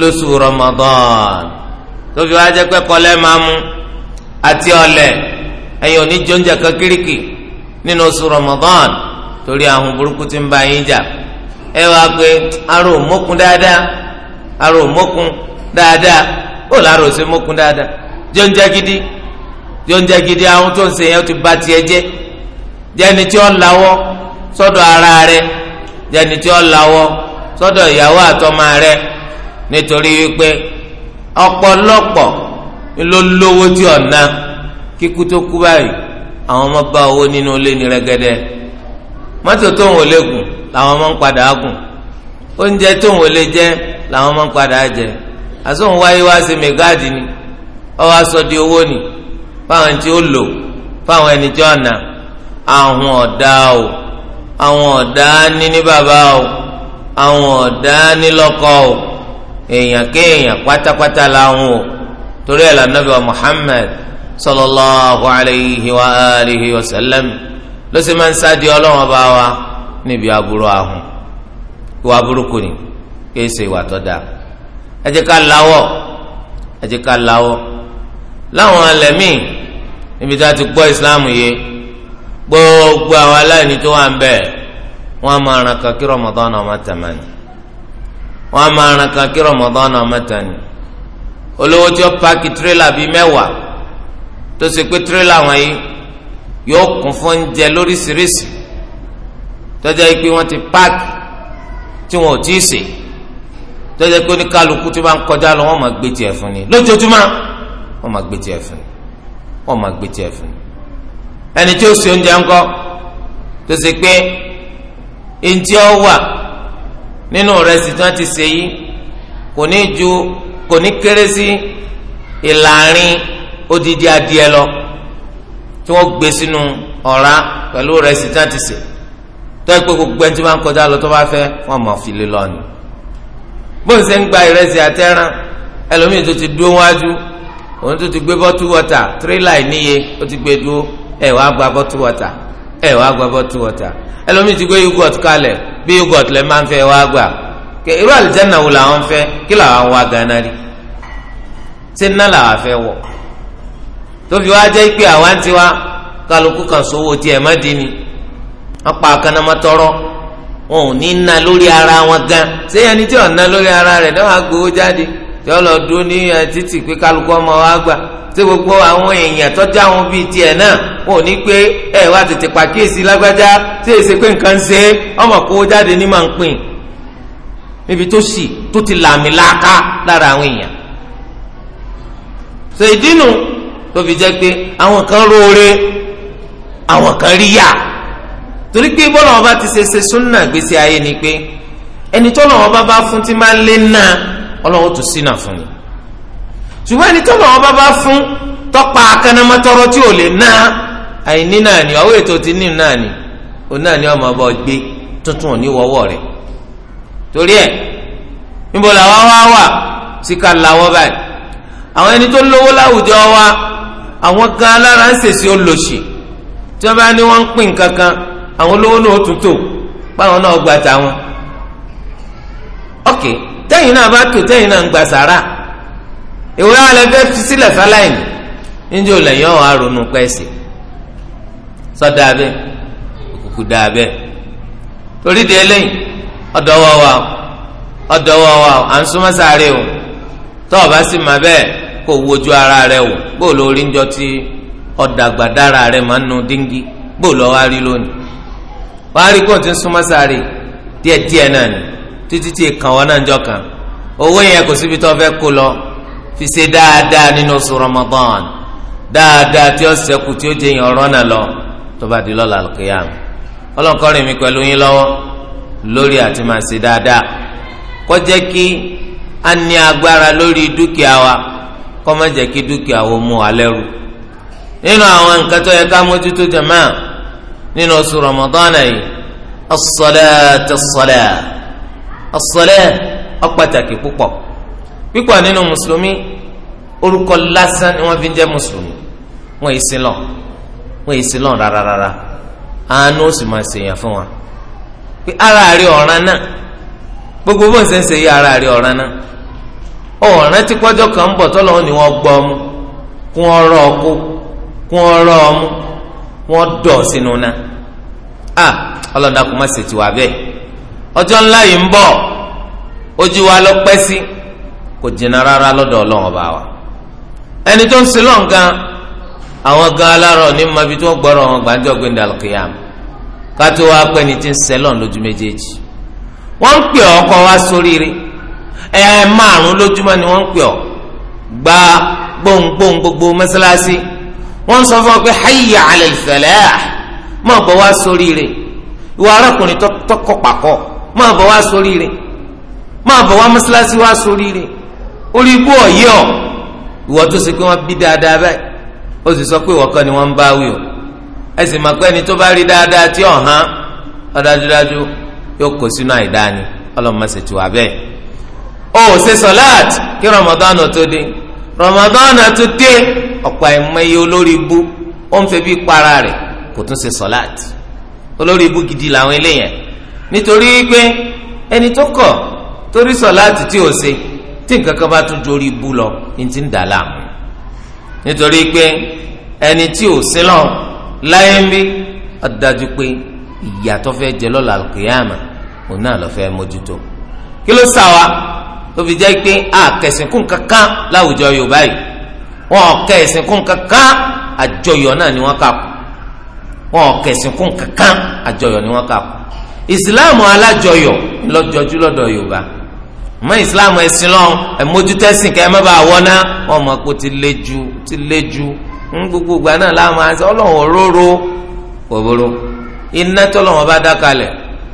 lóṣù Ramadan tófi wá jẹ pé kọlẹ́ máa mú àti ọ̀lẹ̀ ẹ̀yin ò jóúnjẹ kan kíríkì nínú oṣù Ramadan torí àwọn burúkú tí ń bá yín jà ẹ wá pé arò dáadáa arò dáadáa ó gidi jóúnjẹ gidi àwọn tó ń jẹni tí ó lawọ́ sọ́dọ̀ ara rẹ̀ jẹni tí ó lawọ́ sọ́dọ̀ ìyàwó àtọmọ rẹ nítorí wípé ọpọlọpọ ló lówó tí ò ná kíkú tó kú báyìí àwọn ọmọ bá owó nínú ilé ní rẹ́gẹ́dẹ́ tó ń wọlé gùn làwọn ọmọ ń padà gùn oúnjẹ tó ń wọlé jẹ làwọn ọmọ ń padà jẹ àsóhun àwọn ọ̀dà o àwọn ọ̀dà ní ní bàbá o àwọn ọ̀dà ní lọ́kọ o èèyàn kéèyàn pátápátá làwọn o torí ẹ̀ lànàbí wa Muhammad sallallahu alayhi wa alihi wa sallam ló sì máa ń sáàdì ọlọ́wọ́n bá wa níbi aburú ahùn ìwà burúkú ni kìí ṣe ìwà tó dáa ẹ jẹ́ ká gbogbo àwọn aláìní tó wà ń bẹ wọn máa ràn kan kí ni wọn máa ràn kan kí Ramadan ọmọ tàmá ni olówó tí ó paaki tirẹ́là bíi mẹ́wàá tó ṣe pé tirẹ́là wọn yìí yóò kún fún oúnjẹ lóríṣiríṣi tọ́jà yìí pé wọn ti paaki tí wọn ò tí ì pé oníkàlùkù kọjá lọ máa gbé fún ni máa gbé ẹni tí ó ṣe oúnjẹ ńkọ́ tó ṣe pé eŋti ọ wà nínú ìrẹsì tí wọ́n ti ṣe yìí kò ní ju kò ní kéré sí ìlàrin odidi adìẹ lọ tí wọ́n gbé sínú ọ̀rá pẹ̀lú ìrẹsì tí wọ́n ti ṣe tó ẹ pé gbogbo ẹni tí wọ́n kọjá lọ tó bá fẹ́ wọ́n mọ̀ fi lé lọ ni bó ń ṣe ń gba ìrẹsì àtẹrán ẹlòmíì tó ti dúró wájú òun tó ti gbé bọ́tú wọ́tà tírélà ìníye ó ti gbé dúró ẹ wàá gba bottle water ẹ gba ti gbé yogurt kalẹ̀ bí yogurt lẹ máa ń fẹ́ wàá gbà irú àlìjáná wo làwọn fẹ́ kí làwọn wá gánà rí ṣé ná làwọn fẹ́ wọ̀ tófi wá jẹ́ pé àwa ń tiwa kálukú kan sówó tiẹ̀ má di ni wọ́n pa akanamatọ́rọ́ wọn ò ní ná lórí ara wọn gan ṣé ẹni tí ná lórí ara rẹ̀ náà wàá gbowó jáde. yọ lọ dún ní títì pé kálukú ọmọ wa gbà ṣé gbogbo àwọn èèyàn tọ́jú àwọn bíi tiẹ̀ náà wọn ò ní pé ẹ wá tètè pàkíyèsí lágbájá tí èsì pé nǹkan ṣe é ọmọ kó jáde ní máa ń pín níbi tó sì tó ti làmì láàká lára àwọn èèyàn. ṣe ìdínú tó fi jẹ́ pé àwọn kan róore àwọn kan rí torí pé bọ́lá wọn bá ti ṣe ṣe súnà gbèsè ayé ni pé ẹni tó lọ́wọ́ bá bá fún ti máa ń lé náà ọlọ́wọ́ tó sínà fún ni ṣùgbọ́n ẹni tọ́lọ̀ wọn bá bá fún tọ́pa akẹnamọ́tọ́rọ́ tí ò lè ná àìní náà ni ọwọ́ ètò ti ní náà ni òun náà ni ọmọ ọba gbé tuntun ò ní wọ́wọ́ rẹ̀ torí ẹ̀ níbo làwa wá wà síkà làwọ́ báyìí àwọn ẹni tó lówó láwùjọ wa àwọn gan alára ń ṣèṣe olóṣì tí wọ́n bá ní wọ́n ń pín nǹkan àwọn olówó náà ó báwọn náà gba tàwọn. okay tẹ́yìn náà bá tò tẹ́yìn náà ń gba sàrà ìwé alẹ́ sílẹ̀ fáláìní níjẹ́ ò lẹ́yìn ọ̀hún àrònú pẹ́ẹ́sì sọ́dà abẹ́ òkùnkù dà abẹ́ torí di eléyìí ọ̀dọ̀ wọ̀ à o ọ bá sì bẹ́ẹ̀ kó wojú ara rẹ o bó lórí ń jọ tí ọ̀dàgbàdára rẹ máa ń nu díngí bó wá rí lónìí rí ń súnmọ́ sáré díẹ̀díẹ̀ títí tí èkán wọn náà jọ kàn owó yẹn kò síbi tó fẹ́ kó lọ fi ṣe dáadáa nínú oṣù Ramadan dáadáa tí ó ṣẹ́kù tí ó jẹ yẹn ọ̀rọ̀ náà lọ tó bá di lọ́la al ọlọ́kọ́rin mi pẹ̀lú yín lọ́wọ́ lórí àti máa ṣe dáadáa jẹ́ kí a ní agbára lórí dúkìá wa kó má jẹ́ kí dúkìá wo mú wa lẹ́rù nínú àwọn nǹkan tó yẹ ká mójútó jàmáà nínú oṣù Ramadan yìí as-salah ó pàtàkì nínú mùsùlùmí orúkọ lásán ni wọn fi ń jẹ́ mùsùlùmí wọ́n yìí sí lọ yìí sí lọ àánú sì máa ṣèyàn fún wa pé gbogbo bó ń ṣe ń ṣe yí ara ọ̀ràn náà ọ̀ràn tí pọ́jọ́ kan ń bọ̀ ni wọ́n gbọ́ ọmú kún ọrọ̀ ọkú kún ọrọ̀ ọmú wọ́n dọ̀ sínú náà ọlọ́dà ojú wa lọ pẹ́ sí kò jìnnà rárá lọ́dọ̀ ọlọ́run ọba wa ẹni tó ń sin lọ́n gan àwọn gan alárọ̀ ní mabi tó gbọ́rọ̀ wọn gbàǹjọ́ gbẹ̀ndà alqiyam kátó wa pẹ́ ni ti ń sẹ́ lọ́n lójú méjèèjì wọ́n ń pè ọ́ kọ́ wa sóríire ẹ̀ márùn lójúmọ́ ni wọ́n ń pè ọ́ gba gbohùngbohùn gbogbo mẹ́sálásí wọ́n ń sọ fún ọ pé hayya ala al-falah mọ̀ bọ́ wa sóríire ìwà arákùnrin tọkọ pàkọ́ mọ̀ bọ́ wa sóríire máa bọ̀ wá mọ́sálásí wá sórí rẹ̀ orí ibú ọ̀yẹ́ ọ̀ ìwọ tó ṣe pé wọ́n bí dáadáa báyìí ó sì sọ pé ìwọ kan ni wọ́n ń bá wí o ẹ sì máa pẹ́ ni tó bá rí dáadáa tí ọ̀hán ọ̀dájúdájú yóò kó sínú àìdáa ni ọlọ́mọ sì tù wá bẹ́ẹ̀. o ò ṣe sọ̀láàt kí Ramadan tó dé Ramadan tó dé ọ̀pọ̀ àìmọye olórí ibú ó ń fẹ́ bí para rẹ̀ kò tún ṣe sọ̀láàt olórí ibú gidi làwọn eléyẹn nítorí pé ẹni tó kọ̀ torí sọláàtì tí o ṣe tí nǹkan kan bá tún jórí ibú lọ ní ti ń dà láàmú nítorí pé ẹni tí o ṣe lọ láyé ń bí ọ̀dájú pé ìyàtọ̀ fẹ́ jẹ lọ́la àlùkìyàmà òun náà lọ́ fẹ́ mójútó kí ló sà wá tó fi jẹ́ pé àkẹsìnkún kankan láwùjọ yorùbá yìí wọn kẹsìnkún kankan àjọyọ̀ náà ni wọ́n kà kú wọn kẹsìnkún kankan àjọyọ̀ ni wọ́n kà kú ìsìláàmù alájọyọ̀ lọ́jọ́jú lọ́dọ̀ yorùbá àmọ́ islam ẹ̀sìn lọ ẹ̀mójútẹ́sìn kẹ́ ẹ má bàa wọ́n ná wọ́n mọ̀ pé ti lé ti ń gbogbo náà kòbóró iná bá dákalẹ̀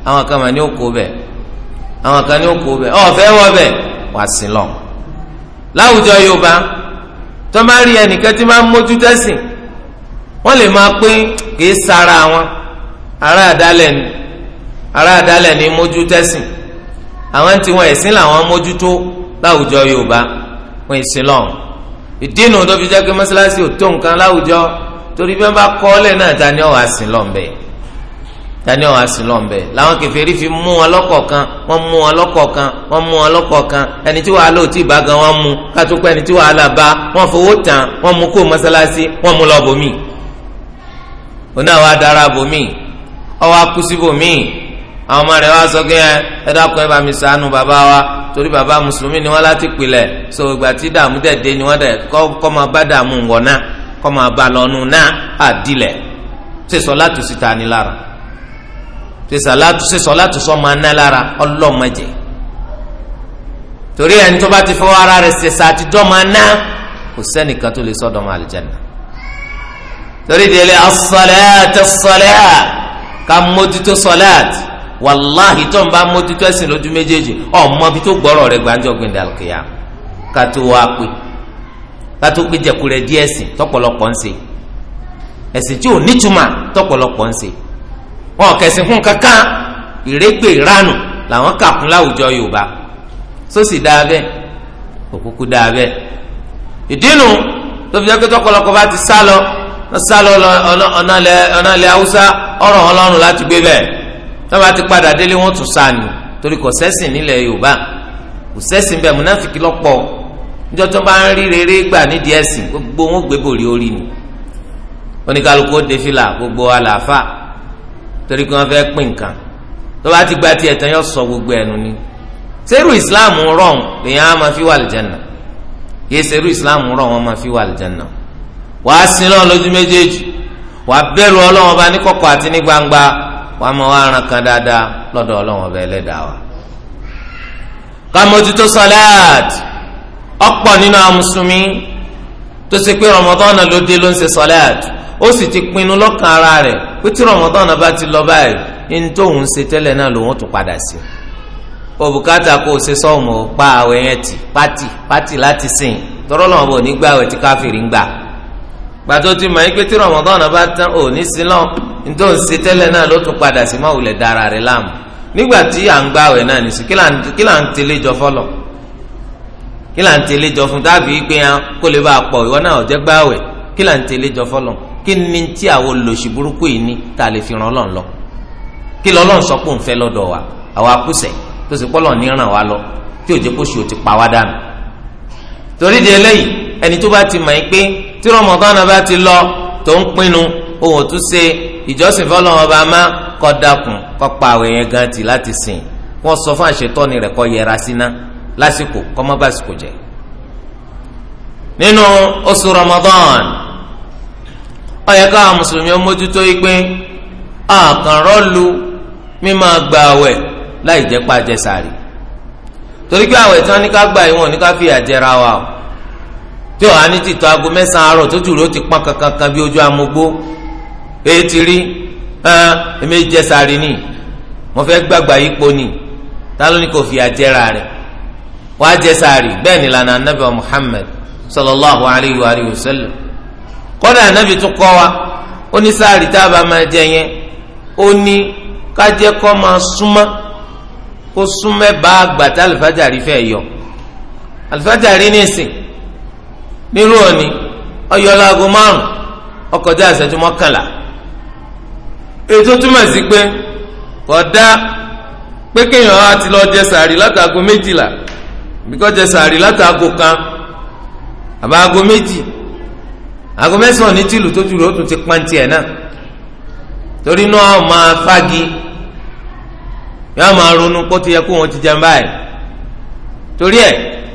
àwọn kan mà ní òkú bẹ àwọn kan ní òkú bẹ̀ ọ̀fẹ́ wọ bẹ wá sí lọ. láwùjọ yorùbá tó máa sara wọn ará ará àwọn tí wọn ẹ̀sìn làwọn mójútó láwùjọ yorùbá wọn ẹ̀sìn lọ́hùn ìdínú tó fi jẹ́ pé mọ́ṣáláṣí ò tó nǹkan láwùjọ torí bí wọ́n bá kọ́ ọ́lẹ̀ náà ta ni ọ̀hún àsìn lọ́nbẹ̀ ta ni ọ̀hún àsìn lọ́nbẹ̀ làwọn kèfèrí fi mú wọn lọ́kọ̀ọ̀kan wọ́n mú wọn lọ́kọ̀ọ̀kan wọ́n mú wọn lọ́kọ̀ọ̀kan ẹni tí wàhálà ò tí wọn mú kátó ẹni tí wàhálà bá wọn fowó tán wọn mú kó mọ́ṣáláṣí wọn mú lọ bòmíì onáwó adarabòmíì ọwọ́ akú síbòmíì àwọn ọmọ rẹ̀ wá sọ pé ẹ dákun ẹ bá mi ṣàánú bàbá wa torí bàbá mùsùlùmí ni wọ́n láti pilẹ̀ so ìgbà tí dààmú dẹ̀dẹ̀ ni wọ́n dẹ̀ kọ́ máa bá dààmú wọ̀ náà kọ́ máa bá lọ́nu náà àdìlẹ̀ ṣe sọ láti sí ta ni lára ṣe sọ sọ máa ná lára ọlọ́mọdé torí ẹni tó bá ti fọwọ́ ara rẹ̀ ṣẹṣẹ àtijọ́ máa ná kò sẹ́nìkan tó lè sọ́dọ̀ máa àlùjánnà torí délé as-salat as ká mójútó salat wàláhì tó ń bá mójútó ẹ̀sìn lójú méjèèjì ọmọ bí tó gbọ́rọ̀ rẹ̀ gbàǹjọ́ gbìndà kìá ká tó wá pé ká tó pé jẹkulẹ díẹ̀ ẹ̀sìn tọ́pọ̀lọpọ̀ ń ṣe ẹ̀sìn tí ò nítumà tọ́pọ̀lọpọ̀ ń ṣe wọn kẹsìn fún kankan ìrégbè ìranù làwọn kà kún láwùjọ Yorùbá sósì dáa bẹ́ẹ̀ òkúkú dáa bẹ́ẹ̀ ìdínú tó fi jẹ́ pé tọ́pọ̀lọpọ̀ bá ti sálọ sálọ ọ̀nà ilẹ̀ Haúsá ọ̀rọ̀ ọlọ́run láti gbé bẹ́ẹ̀ tọ́ba ti padà délé wọ́n tún sànù torí kò sẹ́sìn nílẹ̀ yorùbá kò sẹ́sìn bẹ́ẹ̀ múnáfìkì lọ́pọ̀ níjọ́ tó bá ń rí rere gbà nídìí ẹ̀sìn gbogbo wọn gbé bòrí orí ni oníkálukú ó de fìlà gbogbo àlàáfà torí kí wọ́n fẹ́ pín nǹkan tọ́ba ti gba tiẹ̀ tán yọ sọ gbogbo ẹnu ni sẹ́rù islam rọ̀n lèyàn á máa fi wà lìjànà yé sẹ́rù islam rọ̀n wọ́n máa fi wà lìjànà wàá sin lọ́n lójú méjèèjì wàá bẹ̀rù ọlọ́wọ́n bá ní kọ̀kọ̀ àti ní gbangba wàá mọ wàá ràn kan dáadáa lọ́dọ̀ ọlọ́run ọbẹ̀ ẹlẹ́dàá wa. ká sọláàt ọ̀pọ̀ nínú àwọn tó ṣe pé rọmọdọ́nà ló dé ló ń ṣe sọláàt ó sì ti pinnu lọ́kàn ara rẹ̀ pé tí rọmọdọ́nà bá ti lọ báyìí ní tóun ṣe tẹ́lẹ̀ náà lòun tún padà sí i òbùkátà kò ṣe sọ́ọ̀mù pa àwẹ̀ yẹn ti pátì pátì láti sìn tọ́rọ́ lọ́wọ́ bò ní gbà gbàtó ti mọ̀ ẹ́ bá tán ò ní sí nítorí ṣe tẹ́lẹ̀ náà ló tún padà sí máa wulẹ̀ dára rẹ̀ láàmú nígbà tí à ń gbàwẹ̀ náà nìsí kí là ń tẹ̀lé jọ fọlọ̀ kí là ń tẹ̀lé jọ fún dábìí pé kó lè bá a pọ̀ ìwọ náà ọ̀jẹ́ gbàwẹ̀ kí là ń tẹ̀lé jọ fọlọ̀ kí ni tí àwọn olóṣì burúkú yìí ní tá a lè fi ràn lọ́n lọ kí lọ́lọ́n sọ pé òun fẹ́ lọ́dọ̀ wa àwa kùsẹ̀ tó sì pọ́lọ̀ ní ràn wá lọ tí òjò kó ṣòó ti pa wá dànù. torí di eléyìí ẹni tó bá ti mọ̀ ẹ́ pé tí Ramadan bá ti lọ tó ń pinnu òun ò tún ṣe ìjọsìn fọlọ́wọ́n bá má kọ́ dákun kọ́ pa àwọn èèyàn gan ti láti sìn wọ́n sọ fún àṣetọ́ni rẹ̀ kọ́ yẹra síná lásìkò kọ́ mọ́ básìkò jẹ́ nínú oṣù Ramadan ó yẹ káwọn mùsùlùmí ó mójútó yìí pé àkànrọ́lu mímọ́ gba àwẹ̀ láì jẹ́ pa àjẹsàrí torí pé àwẹ̀ tí wọ́n ní ká gbà yìí wọ́n ní ká fi àjẹra wa o tí ò á ní títọ́ aago mẹ́sàn-án àárọ̀ tó jùlọ ti pọ́n kankan kan bí ojú amugbó èyí ti rí èmi jẹ sáré ni mo fẹ́ gbàgbà yìí po ni ta ló ní kò fìyà jẹra rẹ̀ wàá jẹ sáré bẹ́ẹ̀ ni lànà anabi Muhammad sallallahu alayhi wa alihi wa sallam kọ́dà anabi tún kọ́ wa ó ní sáré tá a bá máa jẹ yẹn ó ní kájẹ́ kọ́ máa súnmọ́ kó súnmẹ́ bá gbàtà alifájàrí fẹ́ yọ alifájàrí ní ìsìn nírú òní ọyọ láago márùn ọkọjá ìṣẹ́jú mọ́kànlá ètò túmọ̀ sí pé kọ̀dá pé kéèyàn á ti lọ jẹ sàárì látàgò méjìlá bíkọ́ jẹ sàárì látàgò kan àbá ago méjì ago mẹ́sàn-án ní tìlù tó tún ti náà torí náà máa fagi yóò máa ronú kó ti yẹ wọn ti jẹun báyìí torí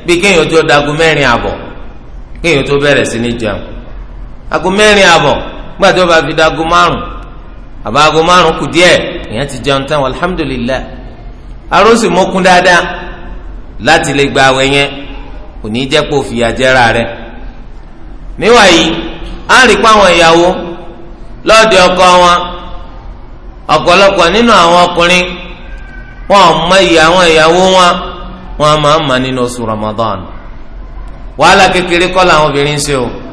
bí kéèyàn tó dago mẹ́rin àbọ̀ kéèyàn tó bẹ̀rẹ̀ sí ní jẹun ago mẹ́rin dago márùn àbáago márùn kù díẹ̀ èèyàn ti jẹun tán alhamdulilayi arósì mọ́kún dáadáa láti lè gba àwẹ̀ yẹn kò ní jẹ́ kó fìyà jẹ́ra rẹ̀ níwáyìí á rí pa àwọn ìyàwó lọ́ọ̀dẹ ọkọ wọn ọ̀pọ̀lọpọ̀ nínú àwọn ọkùnrin wọn ò àwọn ìyàwó wọn wọn máa ń mọ nínú oṣù Ramadan wàhálà kékeré kọ́ làwọn obìnrin ń ṣe o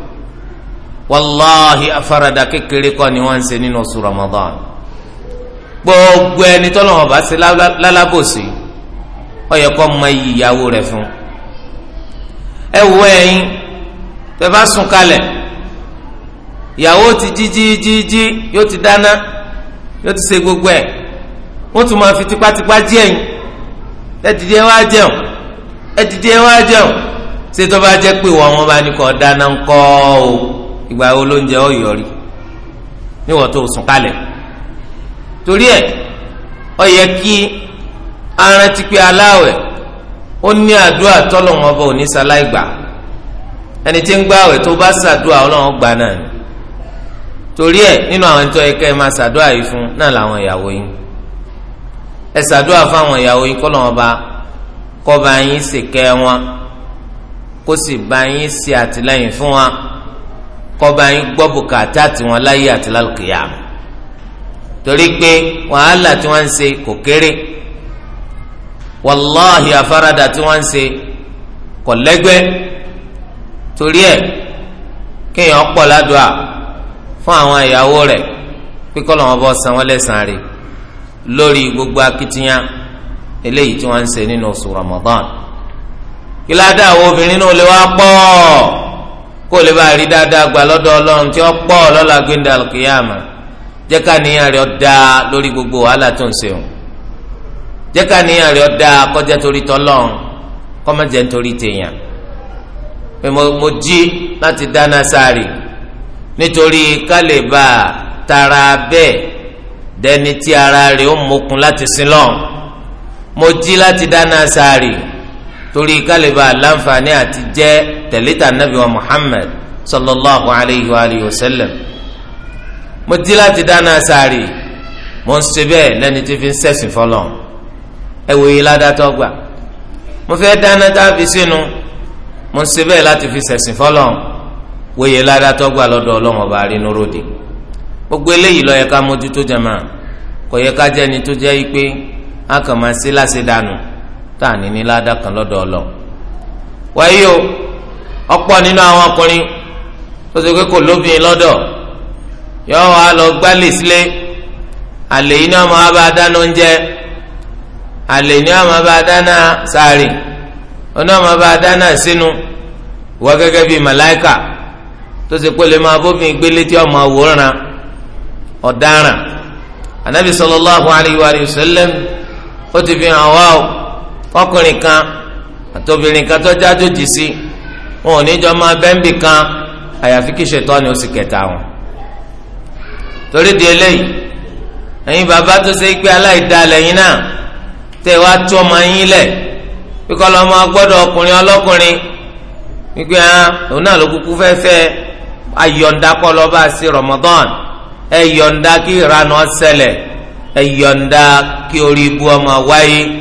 wàláhi afárada kékeré kọ́ ni wọ́n ń ṣe nínú oṣù Ramadan gbogbo ẹni tọ́lọ́wọ́n bá ṣe lálábòsí ó yẹ kó mọ iyì ìyàwó rẹ̀ fún ẹ wọ ẹyin tẹ́ bá sùn kalẹ̀ ìyàwó ti jí jí jí jí yóò ti dáná yóò ti ṣe gbogbo ẹ̀ wọ́n tún máa fi tipátipá jí ẹ̀yin ẹ dìde wá jẹun ẹ dìde wá jẹun ṣé tó bá jẹ́ pé wọ́n wọn bá ní kọ́ dáná ńkọ́ o ìgbà wo lóúnjẹ ó yọrí níwọ̀n tó sùn kalẹ̀ torí ẹ̀ ó yẹ kí arántí pé aláwẹ̀ ó ní àdúrà tọ́lọ́wọ́n ọba òní gbà ẹni tí ń gbà àwẹ̀ tó bá ṣàdúrà ọlọ́run gbà náà ni torí ẹ̀ nínú àwọn tó yẹ kẹ́ ẹ máa ṣàdúrà yìí fún náà làwọn ìyàwó yín ẹ ṣàdúrà fún àwọn ìyàwó yín kọ́lọ́wọ́n ọba kó bá yín ṣèkẹ́ wọn kó sì bá yín ṣe àtìlẹ́yìn fún wọn kọba yín gbọ́ bùkátà tiwọn láyé àti lálùkìyà torí pé wàhálà tí wọ́n ń ṣe kò kéré wàláhì àfaradà tí wọ́n ń ṣe kò lẹ́gbẹ́ torí ẹ̀ kéèyàn pọ̀ ládùá fún àwọn ìyàwó rẹ̀ pé kọ́lọ̀ wọn bọ́ san wọ́n lẹ́sàn-án rẹ̀ lórí gbogbo akitiyan eléyìí tí wọ́n ń ṣe nínú oṣù Ramadan kí ládàá obìnrin náà lè wá pọ̀ ọ́ kó lè bá rí dáadáa gbà lọ́dọ̀ ọlọ́run tí ó pọ̀ lọ́la gbẹ̀ndà alùkìyàmà jẹ́ ká níyàn rẹ̀ dá lórí gbogbo wàhálà tó ń ṣeun jẹ́ ká níyàn rẹ̀ dá kọjá torí tọ́lọ́run kọ́mọ̀jẹ́ nítorí tèèyàn pé mo jí láti dáná sáré nítorí ká lè bá tara bẹ́ẹ̀ dẹni tí ara rẹ̀ ó mokun láti sin lọ́run mo jí láti dáná sáré torí kálíbà láǹfààní àti jẹ́ tẹ̀lítà nàbì wa Muhammad sallallahu alayhi wa alihi wa sallam mo ti láti dáná sáré mo ń ṣe bẹ́ẹ̀ lẹ́ni tí fi ń sẹ̀sìn fọlọ́ ẹ wòye ládàtọ́ gbà mo fẹ́ dáná táàbì sínú mo ń ṣe bẹ́ẹ̀ láti fi sẹ̀sìn fọlọ́ wòye ládàtọ́ gbà lọ́dọ̀ ọlọ́run ọba gbogbo eléyìí ló mójútó jàmá kò yẹ ká jẹ́ni tó jẹ́ yí pé a kàn máa ṣe láṣẹ dànù tá ní ní ọlọ. wáyé o ọ̀pọ̀ nínú àwọn ọkùnrin tó ṣe pé lóbìnrin wá ni wọn bá dáná oúnjẹ àlè ni wọn bá dáná wọn bá dáná sínú wọ bíi màláìkà tó lè máa bófin gbélé tí anabi ó ti fi ọkùnrin kan àtòbìnrin kan tó jájòjì sí wọn ò ní kan àyàfi kí ṣètọ́ ni ó sì kẹta wọn. torí di eléyìí ẹ̀yin bàbá tó ṣe pé aláìda lẹ́yìn náà tẹ́ wá tó ọmọ yín lẹ̀ gbọ́dọ̀ ọkùnrin ọlọ́kùnrin wípé ah, òun náà ló kúkú fẹ́ fẹ́ ayọ̀ǹda kọ́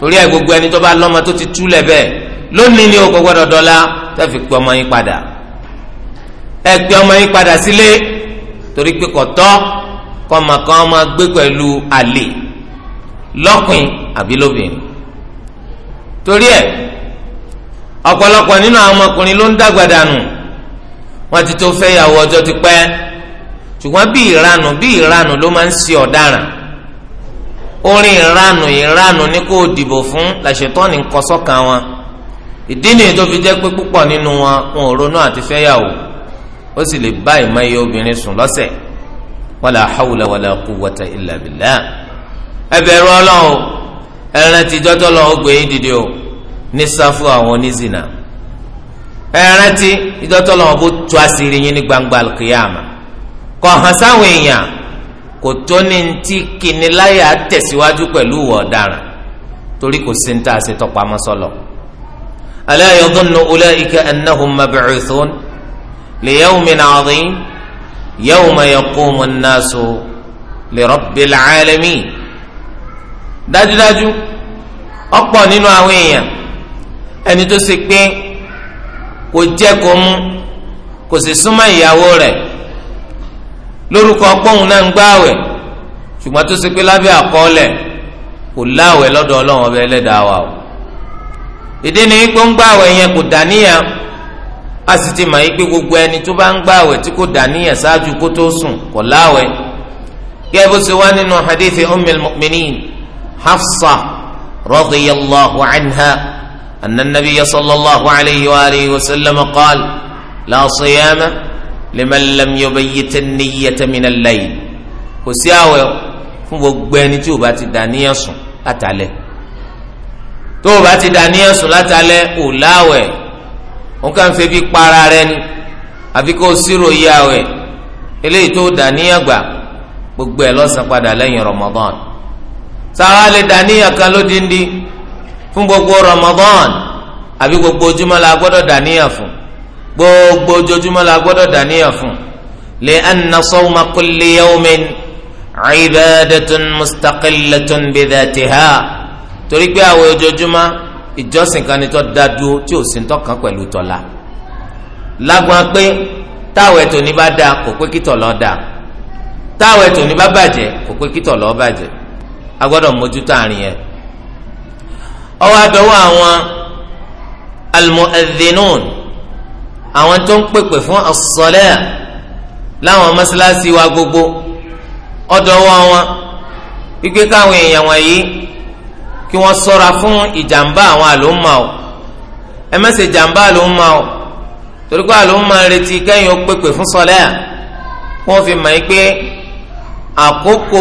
torí ẹ gbogbo ẹni tó bá lọ́mọ tó ti túlẹ̀ bẹ́ẹ̀ lónìí ni o kò gbọ́dọ̀ dọ́là tẹ́ fi pe ọmọ yín padà ẹ pe ọmọ yín padà sílé torí pé kò tọ́ kọ́mọ kan máa gbé pẹ̀lú àlè lọ́kùn àbí lóbìnrin torí ẹ ọ̀pọ̀lọpọ̀ nínú àwọn ọmọkùnrin ló ń dàgbà dànù wọ́n ti tó fẹ́ yàwó ọjọ́ ti pẹ́ ṣùgbọ́n bí ìranù bí ìranù ló máa ń ṣe ọ̀daràn orin ìranù iranu ní kò dìbò fún làṣetọ́ni kọ sọ́kàn wọn ìdí nìyí tó fi jẹ́ pé púpọ̀ nínú wọn wọn ò ronú àti fẹ́yàwó ó sì lè bá iye obìnrin sùn lọ́sẹ̀ wala hawla wala quwwata illa dìde o ní sáfù àwọn onízìnà gbangba kọ̀ hàn sáwọn èèyàn kò tó ní ti kìnìláyà tẹ̀síwájú pẹ̀lú ìwà ọ̀daràn torí kò sí ní ta ṣe tọpamọ́ sọlọ. ala yadhunnu ulaika annahum mab'uthun li yawmin 'adhim yawma yaqumu an-nasu li rabbil 'alamin. dájúdájú ọ̀pọ̀ nínú àwọn èèyàn ẹni tó ṣe pé kò jẹ́ kó mú kò sì súnmọ́ ìyàwó rẹ̀ lórúkọ pọ́hùn náà ń gbáwẹ̀ ṣùgbọ́n tó ṣe pé lábẹ́ àkọọ́lẹ̀ kò láwẹ̀ lọ́dọ̀ ọlọ́run ọbẹ̀ ẹlẹ́dàá wa o ìdí ni wípé ń gbáwẹ̀ yẹn kò dàníyàn a sì ti mọ̀ wípé gbogbo ẹni tó bá ń gbáwẹ̀ tí kò dàníyàn ṣáájú kó tó sùn kò láwẹ̀ kí ẹ bó ṣe wá nínú hadith ummul mu'minin hafsa radiyallahu anha anna sallallahu alayhi wa sallam qaal la liman lam yubayyit an-niyyata min al-layl kò sí àwẹ̀ fún gbogbo ẹni tí o bá ti dàníyàn sùn látàlẹ́ tó o bá ti dàníyàn sùn látàlẹ́ ò láwẹ̀ òun kàn fẹ́ bí para rẹ ni àfi kó sírò yí àwẹ̀ eléyìí tó o dàníyàn gbà gbogbo ẹ̀ lọ́sàn padà lẹ́yìn Ramadan sáà lè dàníyàn kan lódindi fún gbogbo Ramadan àbí gbogbo ojúmọ́ la gbọ́dọ̀ dàníyàn fún gbogbo ojoojúmọ́ la gbọ́dọ̀ dàníyàn fún lè anna sawma kulli yawmin ibadatun mustaqillatun bidhatiha torí pé àwọn ojoojúmọ́ ìjọsìn kan ni tó dá dúró tí ò sí tọkàn pẹ̀lú tọ́la lágbọn pé táwọn ẹ̀tọ́ ní bá dáa kò pé kítọ̀ lọ́ọ́ dáa táwọn ẹ̀tọ́ ní bá bàjẹ́ kò pé kítọ̀ lọ́ọ́ bàjẹ́ a gbọ́dọ̀ mójútó àárín yẹn. ọwọ́ àdọ́wọ́ àwọn almu'adhinun àwọn tó ń pèpè fún as-salat láwọn mọ́sálásí wa gbogbo ọ̀dọ̀wọ́ wọn wípé káwọn èèyàn wọ̀nyí kí wọ́n sọ́ra fún ìjàmbá àwọn àlòmọ́ o ẹ má ṣe jàmbá àlòmọ́ o torí pé àlòmọ́ retí kẹ́yìn ó pèpè fún salat kí wọ́n fi mọ̀ yín pé àkókò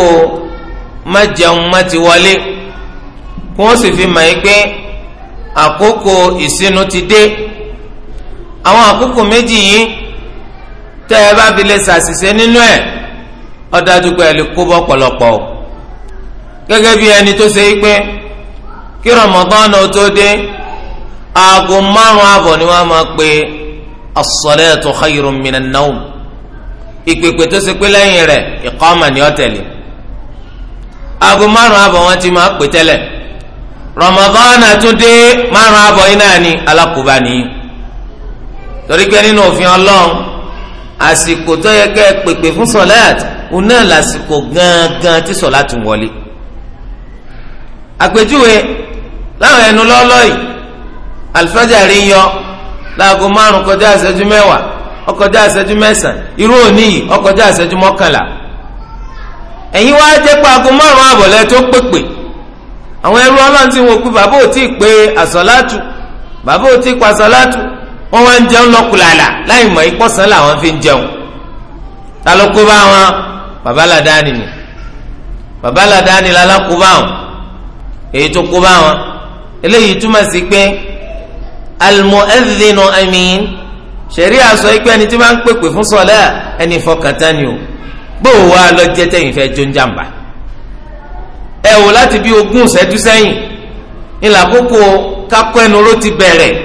má jẹun wọlé kí wọ́n sì fi mọ̀ yín pé àkókò ìsinu ti dé àwọn àkókò méjì yìí tẹ́ ẹ bá fi lè ṣàṣìṣe nínú ẹ̀ ó dájú pé ẹ lè kó bọ́ pọ̀lọpọ̀ o gẹ́gẹ́ bí ẹni tó ṣe é pé kí Ramadan ó tó dé aago márùn-ún àbọ̀ ni wọ́n máa pe as-salatu khayrun minan nawm ìpèpè tó ṣe pé lẹ́yìn rẹ̀ ìkọ́mà ni ó tẹ̀lé aago márùn-ún wọn ti máa pè tẹ́lẹ̀ Ramadan àtúndé márùn-ún yìí náà ni alákòóbá nìyí torí pé nínú òfin Ọlọ́run àsìkò tó yẹ kẹ́ ẹ pèpè fún sọláàt òun náà lásìkò gangan tí sọláàt ń wọlé àpèjúwe láwọn ẹnu lọ́lọ́ yìí àlùfájàrí ń yọ láago márùn kọjá ìṣẹ́jú mẹ́wàá ó kọjá ìṣẹ́jú mẹ́sàn-án irú òní yìí ó kọjá mọ́kànlá ẹ̀yin wá jẹ́ pé aago márùn àbọ̀lẹ́ tó pèpè àwọn ẹrú Ọlọ́run tí wọ́n pé bàbá ò tí ì pé àsọ̀látù bàbá ò tí ì pa àsọ̀látù wọ́n wá ń jẹun lọ́kùlàlà láì mọ̀ ìpọ́sán làwọn fi ń jẹun ta ló kó bá wọn bàbá làdáni ni bàbá làdáni lálá kó bá wọn èyí tó kó bá wọn eléyìí túmọ̀ sí pé almu'adhdhinu amin sẹ̀rí àṣọ ikú ẹni tí máa ń pèpè fún sọ̀lẹ́ ẹni fọkàntán ni o bóò wá lọ jẹ́ tẹ̀yìn fẹ́ jó ń jàǹbá ẹ wò láti bí ogún ìṣẹ́jú sẹ́yìn ìlà ẹnu ló ti bẹ̀rẹ̀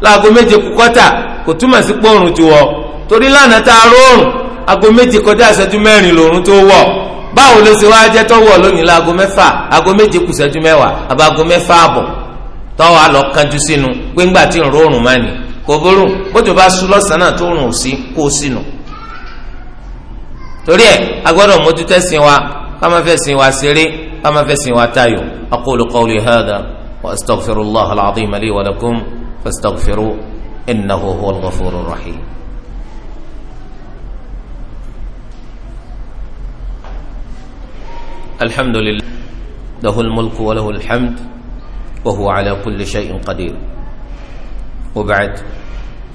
láago méje kù kọ́tà kò túmọ̀ sí pé oòrùn ti wọ̀ torí lánàá tá a róòrùn aago méje kọjá ìṣẹ́jú mẹ́rin lòórùn tó wọ̀ báwo ló ṣe wáá jẹ́ tọ́wọ́ lónìí láago mẹ́fà aago méje kù ìṣẹ́jú mẹ́wàá àbáago mẹ́fà àbọ̀ tọ́wọ́ àlọ́ kanjú sínú pé ńgbà tí ń róòrùn má ni kò burú bójú bá sú lọ́sàn náà tó rùn sí kó sínú torí ẹ agbọ́dọ̀ mójútó ẹ̀sìn wa ká fẹ́ sìn wa ṣeré ká fẹ́ sìn wa tayò aqulu qawli hadha wa astaghfirullah al فاستغفروه إنه هو الغفور الرحيم الحمد لله له الملك وله الحمد وهو على كل شيء قدير وبعد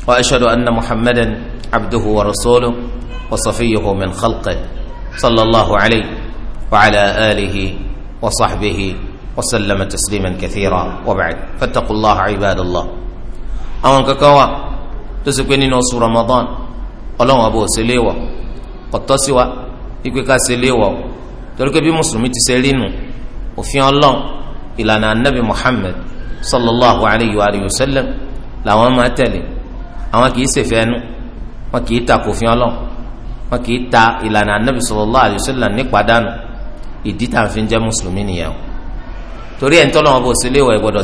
وأشهد أن محمدا عبده ورسوله وصفيه من خلقه صلى الله عليه وعلى آله وصحبه وسلم تسليما كثيرا وبعد فاتقوا الله عباد الله àwọn kankan wà tó ṣe pé nínú oṣù Ramadan ọlọ́run ọba ò ṣe léèwọ̀ kò tọ́ sí wa ipe ká ṣe léèwọ̀ torí pé bí mùsùlùmí ti ṣe rí nù òfin ọlọ́run ìlànà anabi Muhammad sallallahu alayhi wa alihi wa sallam làwọn máa tẹ̀lé àwọn kì í ṣèfẹ́ ẹnu wọn kì í ta kòfin ọlọ́run wọn kì í ta ìlànà anabi sallallahu alayhi wa sallam ní pàdánù ìdí tá jẹ́ mùsùlùmí nìyẹn o torí ẹ̀ ń tọ́lọ́wọ́n bò sílé wọ̀ ẹ̀ gbọ́dọ̀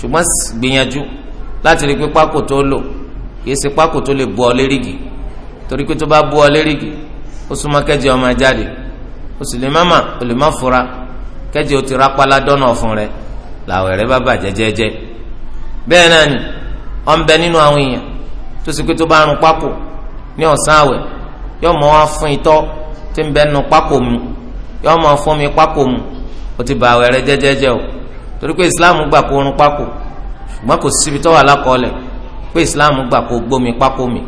ṣùgbọ́n gbìyànjú láti rí i pé pákó tó lò kìí ṣe pákó tó lè bu ọ lérìgì torí pé tó bá bu ọ lérìgì ó súnmọ́ kẹ́jẹ ọmọ jáde ó sì lè má mà ó lè má fura kẹ́jẹ ó ti rápálá dọ́nà ọ̀fun rẹ làwẹ̀ rẹ bá bàjẹ́ jẹ́jẹ́ bẹ́ẹ̀ náà ni ọ̀ ń bẹ nínú àwọn èèyàn tó sì pé tó bá rún pákó ní ọ̀sán àwẹ̀ yóò mọ wá fún itọ́ tí ń bẹ nu pákó mu yóò mọ fún mi pákó mu ó ti bàwẹ̀ rẹ jẹ́jẹ́jẹ́ o torí pé islam gbà kó orun pákó ṣùgbọ́n kò síbi tó wà lákọọ́lẹ̀ pé islam gbà kó gbómi pákó mi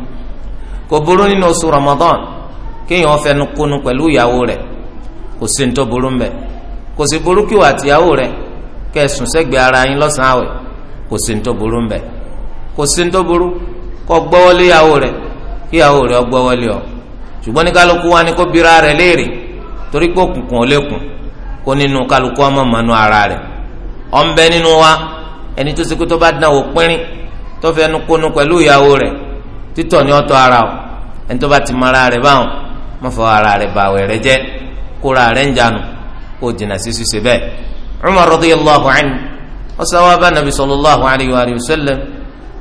kò burú nínú oṣù ramadan kéèyàn fẹnu kunu pẹ̀lú ìyàwó rẹ̀ kò sí ní tó burú mbẹ̀ kò sí burú kí wà tìyàwó rẹ̀ kẹsùn sẹ́gbẹ̀ẹ́ ara yín lọ́sàn-án àwẹ̀ kò sí ní burú mbẹ̀ kò sí ní burú kó gbọ́wọ́lé ìyàwó rẹ̀ kí ìyàwó rẹ̀ gbọ́wọ́lé ọ ṣùgbọ́n ní kálukú wa ni kó bira rẹ̀ léèrè torí pé òkùnkùn ò lékun kó nínú kálukú ọmọ mọ́nú ara rẹ̀ ọ̀nbẹ nínú wa ẹni tó ṣe kó tó bá dán wò pínrín tó fẹ́ nu kónú pẹ̀lú ìyàwó rẹ̀ títọ̀ ní ọ̀tọ̀ ara o ẹni tó bá ti mọ ara rẹ̀ báwọn má fọ ara rẹ̀ bàwẹ̀ rẹ̀ jẹ́ kóra rẹ̀ ń jànú kó jìnnà sí ṣiṣẹ́ bẹ́ẹ̀. Umar radiyallahu anhu ó sáwá bá nàbí sallallahu alayhi wa sallam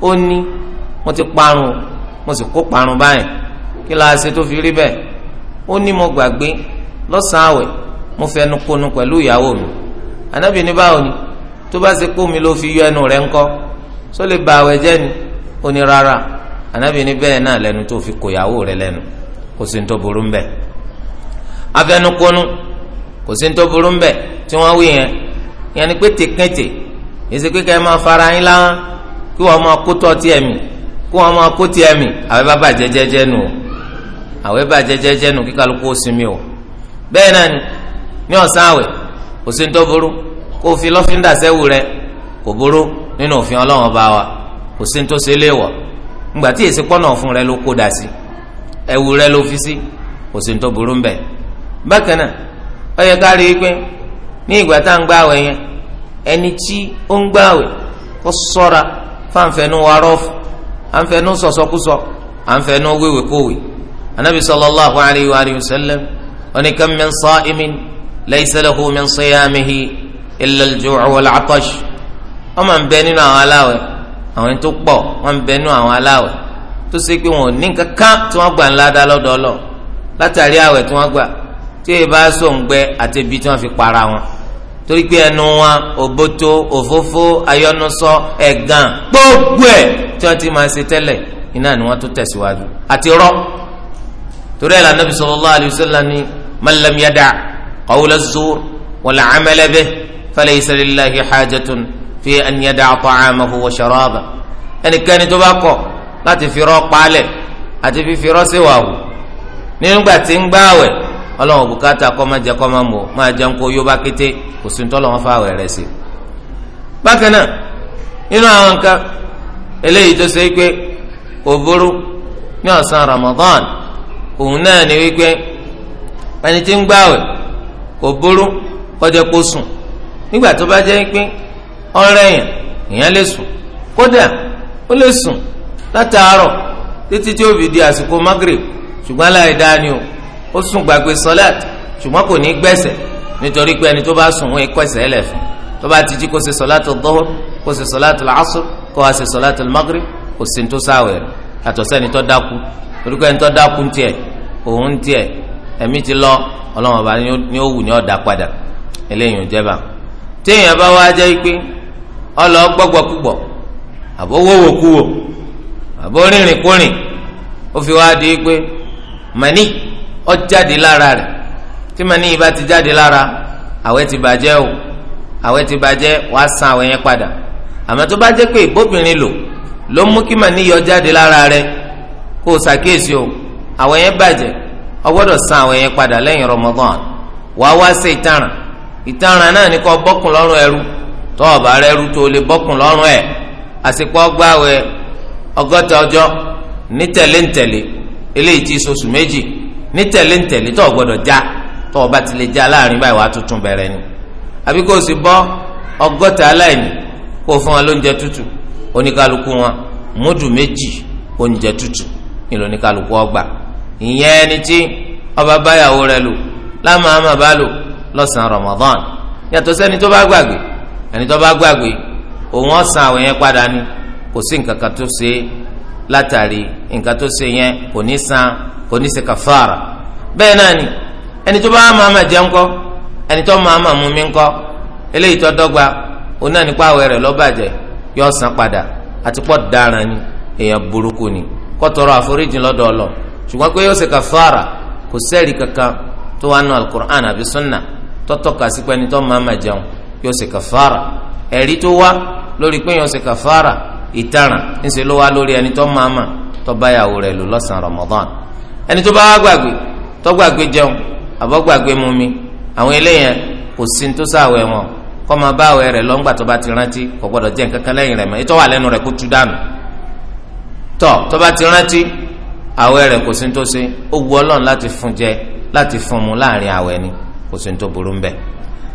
ó ní mo ti parun mo sì kó parun báyìí kí la ṣe tó fi rí bẹ́ẹ̀ ó ní mo gbàgbé lọ́sàn-án àwẹ̀ mo fẹnu kónú pẹ̀lú ìyàwó mi ànábì báwo ni tó bá ṣe kó mi ló fi yọ ẹnu rẹ ńkọ́ só lè ba àwẹ̀ jẹ́ ni ó ní rárá ànábì ní bẹ́ẹ̀ náà lẹ́nu tó fi kó ìyàwó rẹ lẹ́nu kò sí ní tó burú mbẹ afẹnukunu kò sí ní tó burú mbẹ tí wọ́n wí yẹn yẹn ni pé tèkéte èsì pé kẹ́ ẹ máa fara yín láwọn kí wọ́n máa kó tọ́ tiẹ̀ mi kí wọ́n máa kó tiẹ̀ mi àwẹ̀ bá bàjẹ́ jẹ́jẹ́ nù o àwẹ̀ bàjẹ́ jẹ́jẹ́ nù kí ó sinmi o bẹ́ẹ̀ náà ni ọ̀sán àwẹ̀ kò sí ní tó burú ofi o fi lọ́fíńdà sẹ́wù rẹ kò burú nínú òfin ọlọ́run ọba wa kò sí ní tó ṣe léèwọ̀ ńgbà tí èsì pọ́nà fún rẹ ló kó dà sí ẹ̀wù rẹ ló fi sí kò sí ní tó burú ńbẹ. bákan náà ó yẹ ká rí i pé ní ìgbà tá à ń yẹn ẹni tí ó ń kó sọ́ra sọ̀sọ́kúsọ wíwèkówè anabi sallallahu alayhi wa illa al-ju' wal-'atash wọ́n máa ń bẹ nínú àwọn aláwẹ̀ àwọn ẹni tó pọ̀ wọ́n ń bẹ nínú àwọn aláwẹ̀ tó ṣe pé wọn ò ní kankan tí wọ́n gbà ńlá dá lọ́dọ̀ ọlọ́ látàrí àwẹ̀ tí wọ́n gbà tí èyí bá sòǹgbẹ àti ibi tí wọ́n fi para wọn torí pé ẹnu wọn òbótó òfófó ayọ́nusọ ẹ̀gàn gbogbo ẹ̀ tí wọ́n ti máa ṣe tẹ́lẹ̀ iná ni wọ́n tó tẹ̀síwájú àti rọ́ torí ẹ̀ la Nabi alayhi wa sallam ni man lam فليس لله حاجة في أن يدع طعامه وشرابه ẹnikẹ́ni tó bá kọ̀ láti fi irọ́ palẹ̀ àti fífi irọ́ sí wàhù nígbà tí ń gbààwẹ̀ Ọlọ́run bùkátà kó máa jẹ kó máa mu máa jẹun kó yóò bá kété kò sí nítorí wọn fáwẹ̀ rẹ̀ sí. bákan náà nínú àwọn nǹkan eléyìí tó ṣe é pé kò burú ní ọ̀sán Ramadan òun náà ni wípé ẹni tí ń gbààwẹ̀ kò burú kó jẹ kó sùn nígbà tó bá jẹ́ pé ọ̀rẹ́ yẹn èèyàn lè sùn kódà ó lè sùn látàárọ̀ títí tí ó fi di àsìkò magrib ṣùgbọ́n láì dáa ni o ó sùn gbàgbé sọlẹ́t ṣùgbọ́n kò ní gbẹ̀sẹ̀ nítorí pé ẹni tó bá sùn wọn kọ́sẹ̀ ẹ̀ lẹ̀fún tó bá ti jí kó ṣe sọlẹ́t dọ́hùr kó ṣe sọlẹ́t làásù kó wá ṣe sọlẹ́t magrib kò sí ní tó sáwẹ̀ rẹ̀ àtọ̀sẹ́ni tó dákú torí ẹni tó dákú ń tiẹ̀ òun ń tiẹ̀ ẹ̀mí ti lọ ọlọ́mọba ni ó wù ní ọ̀dà padà eléyìí ò téèyàn bá wá jẹ́ pé ọlọ gbọ́gbọ́kúgbọ̀ àbó wọ́wọ́kúwò àbó rìnrìnkúrìn ó fi wá di pé mani ọ jáde lára rẹ̀ tí yìí bá ti jáde lára àwẹ̀ ti bàjẹ́ o àwẹ̀ ti bàjẹ́ wàá san àwẹ̀ yẹn padà àmọ́ tó bá jẹ́ pé ìbóbìnrin lò ló mú gbọ́dọ̀ sàn àwẹ̀ yẹn ìtanràn náà ní kó bọ́kùn lọ́rùn ẹrú tó o bá rẹ́rú tó o lè bọ́kùn lọ́rùn ẹ̀ àsìkò ọgbàwẹ̀ ọgọ́ta ọjọ́ ní tẹ̀lé ntẹ̀lé eléyìí ti sọ̀sù méjì ní tẹ̀lé ntẹ̀lé tó gbọ́dọ̀ já tó o ti lè já láàrin báyìí wàá tuntun bẹ̀rẹ̀ ni àbí kó o sì bọ́ ọgọ́ta aláìní kó o fún wọn lóúnjẹ tútù oníkálukú wọn múdù méjì oúnjẹ tútù nílò oníkálukú ọgbà ìyẹn ẹni tí ọba báyàwó rẹ̀ lò lámàá má bá lò lọ́sàn-án Ramadan yàtọ̀ sẹ́ni tó bá gbàgbé ẹni tó bá gbàgbé òun ọ̀sán àwẹ̀ yẹn padà ni kò sí nǹkan kan tó ṣe látàrí nǹkan tó ṣe yẹn kò ní san kò ní ṣe kàfàrà bẹ́ẹ̀ náà ni ẹni tó bá máa máa jẹun kọ́ ẹni tó máa máa mú mi kọ́ eléyìí tó dọ́gba òun náà nípa àwẹ̀ rẹ̀ lọ́bàjẹ́ yọ san padà àti pọ̀ daran ni èèyàn burúkú ni kó tọrọ àforíjì lọ́dọ̀ ọlọ ṣùgbọ́n pé yóò ṣe kàfàrà kò sẹ́ẹ̀rì kankan tó wà nù alukur'an àbí sunnah tọ́tọ́ka sí pé ẹni tó máa ma jẹun yóò ṣe kàfàrà ẹ̀rí tó wá lórí pé yóò ṣe kàfàrà ìtaràn ńṣe ló wá lórí ẹni tó máa ma tó bá yàwó rẹ̀ lò lọ́sàn-án Ramadan ẹni tó bá wá gbàgbé tó gbàgbé jẹun àbọ̀ gbàgbé mu mi àwọn eléyẹn kò sí tó sáwẹ̀ wọn kọ́ máa bá àwẹ̀ rẹ̀ lọ́ngbà tó bá ti rántí kò gbọ́dọ̀ jẹ́ nǹkan kan lẹ́yìn rẹ̀ mọ́ ìtọ́wà lẹ́nu rẹ̀ kó tú dànù tọ́ tó bá ti rántí àwẹ̀ rẹ̀ kò sí tó ṣe ó wu Ọlọ́run láti fún jẹ láti fún mu láàrin àwẹ̀ ni kò sí ní tó burú mbẹ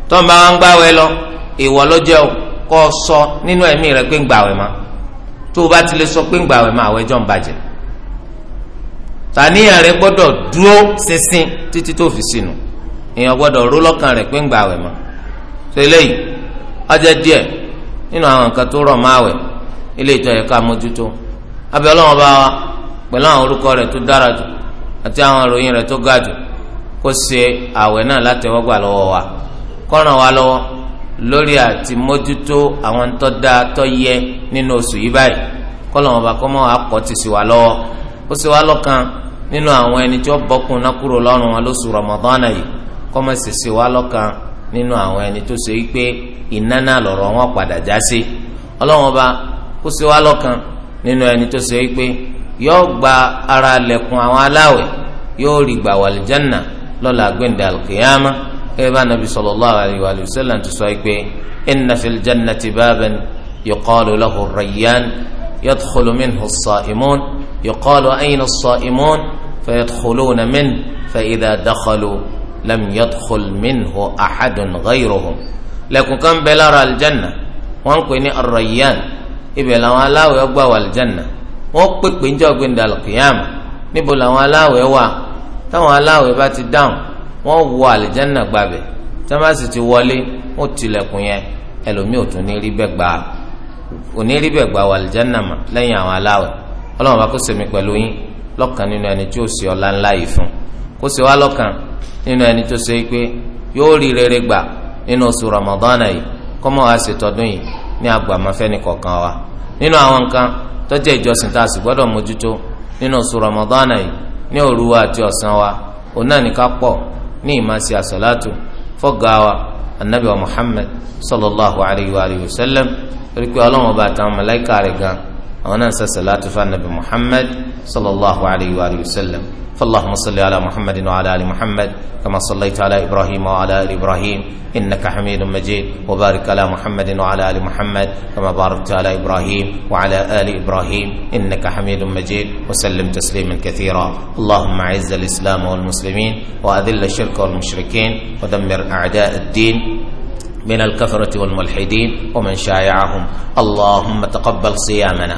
tó ń bá wọn gbàwẹ̀ lọ ìwọ ló jẹ o kó o sọ nínú ẹ̀mí rẹ pé ń ma tó o bá ti lè sọ pé ń ma ń bàjẹ́ tàníyàn rẹ gbọ́dọ̀ dúró fi sínú èèyàn gbọ́dọ̀ ró lọ́kàn rẹ pé ń gbàwẹ̀ ma tó eléyìí ọjọ́ díẹ̀ nínú àwọn nǹkan tó rọ̀ máa wẹ̀ ilé ìtọ́ yẹ ká mójútó abẹ́ bá wa pẹ̀lú àwọn orúkọ rẹ̀ tó dára jù àti kó se àwẹ̀ náà látẹ̀wọ́gbà lọ́wọ́ wa kọ́ràn wa lọ́wọ́ lórí àti mójútó àwọn tó dáa tó yẹ nínú oṣù yìí báyìí kọ́lọ̀ wọn kọ́ mọ́ àpọ̀ ti sì lọ́wọ́ ó lọ́kàn nínú àwọn ẹni tí wọ́n bọ́kùn náà kúrò lọ́rùn wọn lóṣù yìí kọ́ mọ́ sì lọ́kàn nínú àwọn ẹni tó ṣe wípé iná náà lọ̀rọ̀ wọn lọ́la gbẹ̀ndẹ̀ alkiyama kẹ́ẹ́ bá nàbí sallallahu alayhi wa sallam ti sọ yìí pé inna fil jannati baban yuqalu lahu rayyan yadkhulu minhu as-sa'imun yuqalu ayna as-sa'imun fayadkhuluna minhu fa idha dakhalu lam yadkhul minhu ahadun ghayruhum lẹ́kùn kan bẹ lára aljanna wọ́n ń pè ní arrayyan ibẹ̀ làwọn aláwẹ̀ ọgbà wà aljanna wọ́n pèpè ń gbẹ̀ndẹ̀ alkiyama níbo làwọn aláwẹ̀ wà táwọn aláwẹ̀ bá ti dáhùn wọ́n wọ àlìjánà gbàbẹ̀ tí wọ́n bá sì ti wọlé wọ́n tilẹ̀kùn yẹn ẹlòmíì ò tún ní rí bẹ́ẹ̀ gbà òní rí bẹ́ẹ̀ gbà wọ àlìjánà mà lẹ́yìn àwọn aláwẹ̀ ọlọ́run bá kó sèmi pẹ̀lú yín lọ́kàn nínú ẹni tí ó sì ọlá ńlá yìí fún kó sì wá lọ́kàn nínú ẹni tó ṣe pé yóò rí rere gbà nínú oṣù Ramadan yìí kọ́mọ́ wa ṣètọ́dún yìí ní agbàmọ́fẹ́ni kọ̀ọ̀kan wa nínú àwọn nǹkan tó ìjọsìn tá a sì gbọ́dọ̀ mójútó nínú oṣù Ramadan yìí ní òru wa àti ọ̀sán wa òun náà ní ká pọ̀ ní ìmásí àsọ̀látù fọ́gà wa anabi wa muhammed sallallahu alayhi wa sallam torí pé àtàwọn mọ̀láìkà rẹ̀ gan-an وانا náà sẹsẹ láti صلى الله عليه وآله وسلم فاللهم صل على محمد وعلى ال محمد كما صليت على ابراهيم وعلى ال ابراهيم انك حميد مجيد وبارك على محمد وعلى ال محمد كما باركت على ابراهيم وعلى ال ابراهيم انك حميد مجيد وسلم تسليما كثيرا اللهم اعز الاسلام والمسلمين واذل الشرك والمشركين ودمر اعداء الدين من الكفرة والملحدين ومن شايعهم اللهم تقبل صيامنا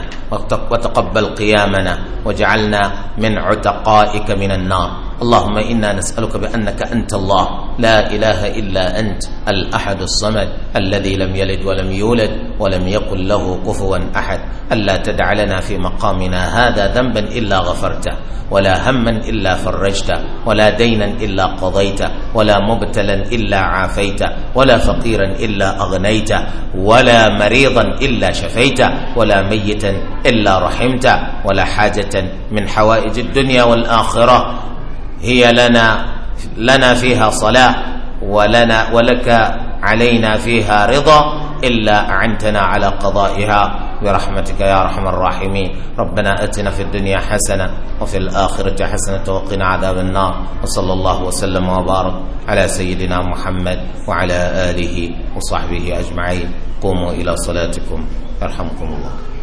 وتقبل قيامنا واجعلنا من عتقائك من النار اللهم إنا نسألك بأنك أنت الله لا إله إلا أنت الأحد الصمد الذي لم يلد ولم يولد ولم يقل له كفوا أحد ألا تدع لنا في مقامنا هذا ذنبا إلا غفرته ولا هما إلا فرجته ولا دينا إلا قضيته ولا مبتلا إلا عافيته ولا فقيرا إلا أغنيته ولا مريضا إلا شفيته ولا ميتا إلا رحمته ولا حاجة من حوائج الدنيا والآخرة هي لنا لنا فيها صلاة ولنا ولك علينا فيها رضا إلا أعنتنا على قضائها برحمتك يا أرحم الراحمين ربنا أتنا في الدنيا حسنة وفي الآخرة حسنة وقنا عذاب النار وصلى الله وسلم وبارك على سيدنا محمد وعلى آله وصحبه أجمعين قوموا إلى صلاتكم يرحمكم الله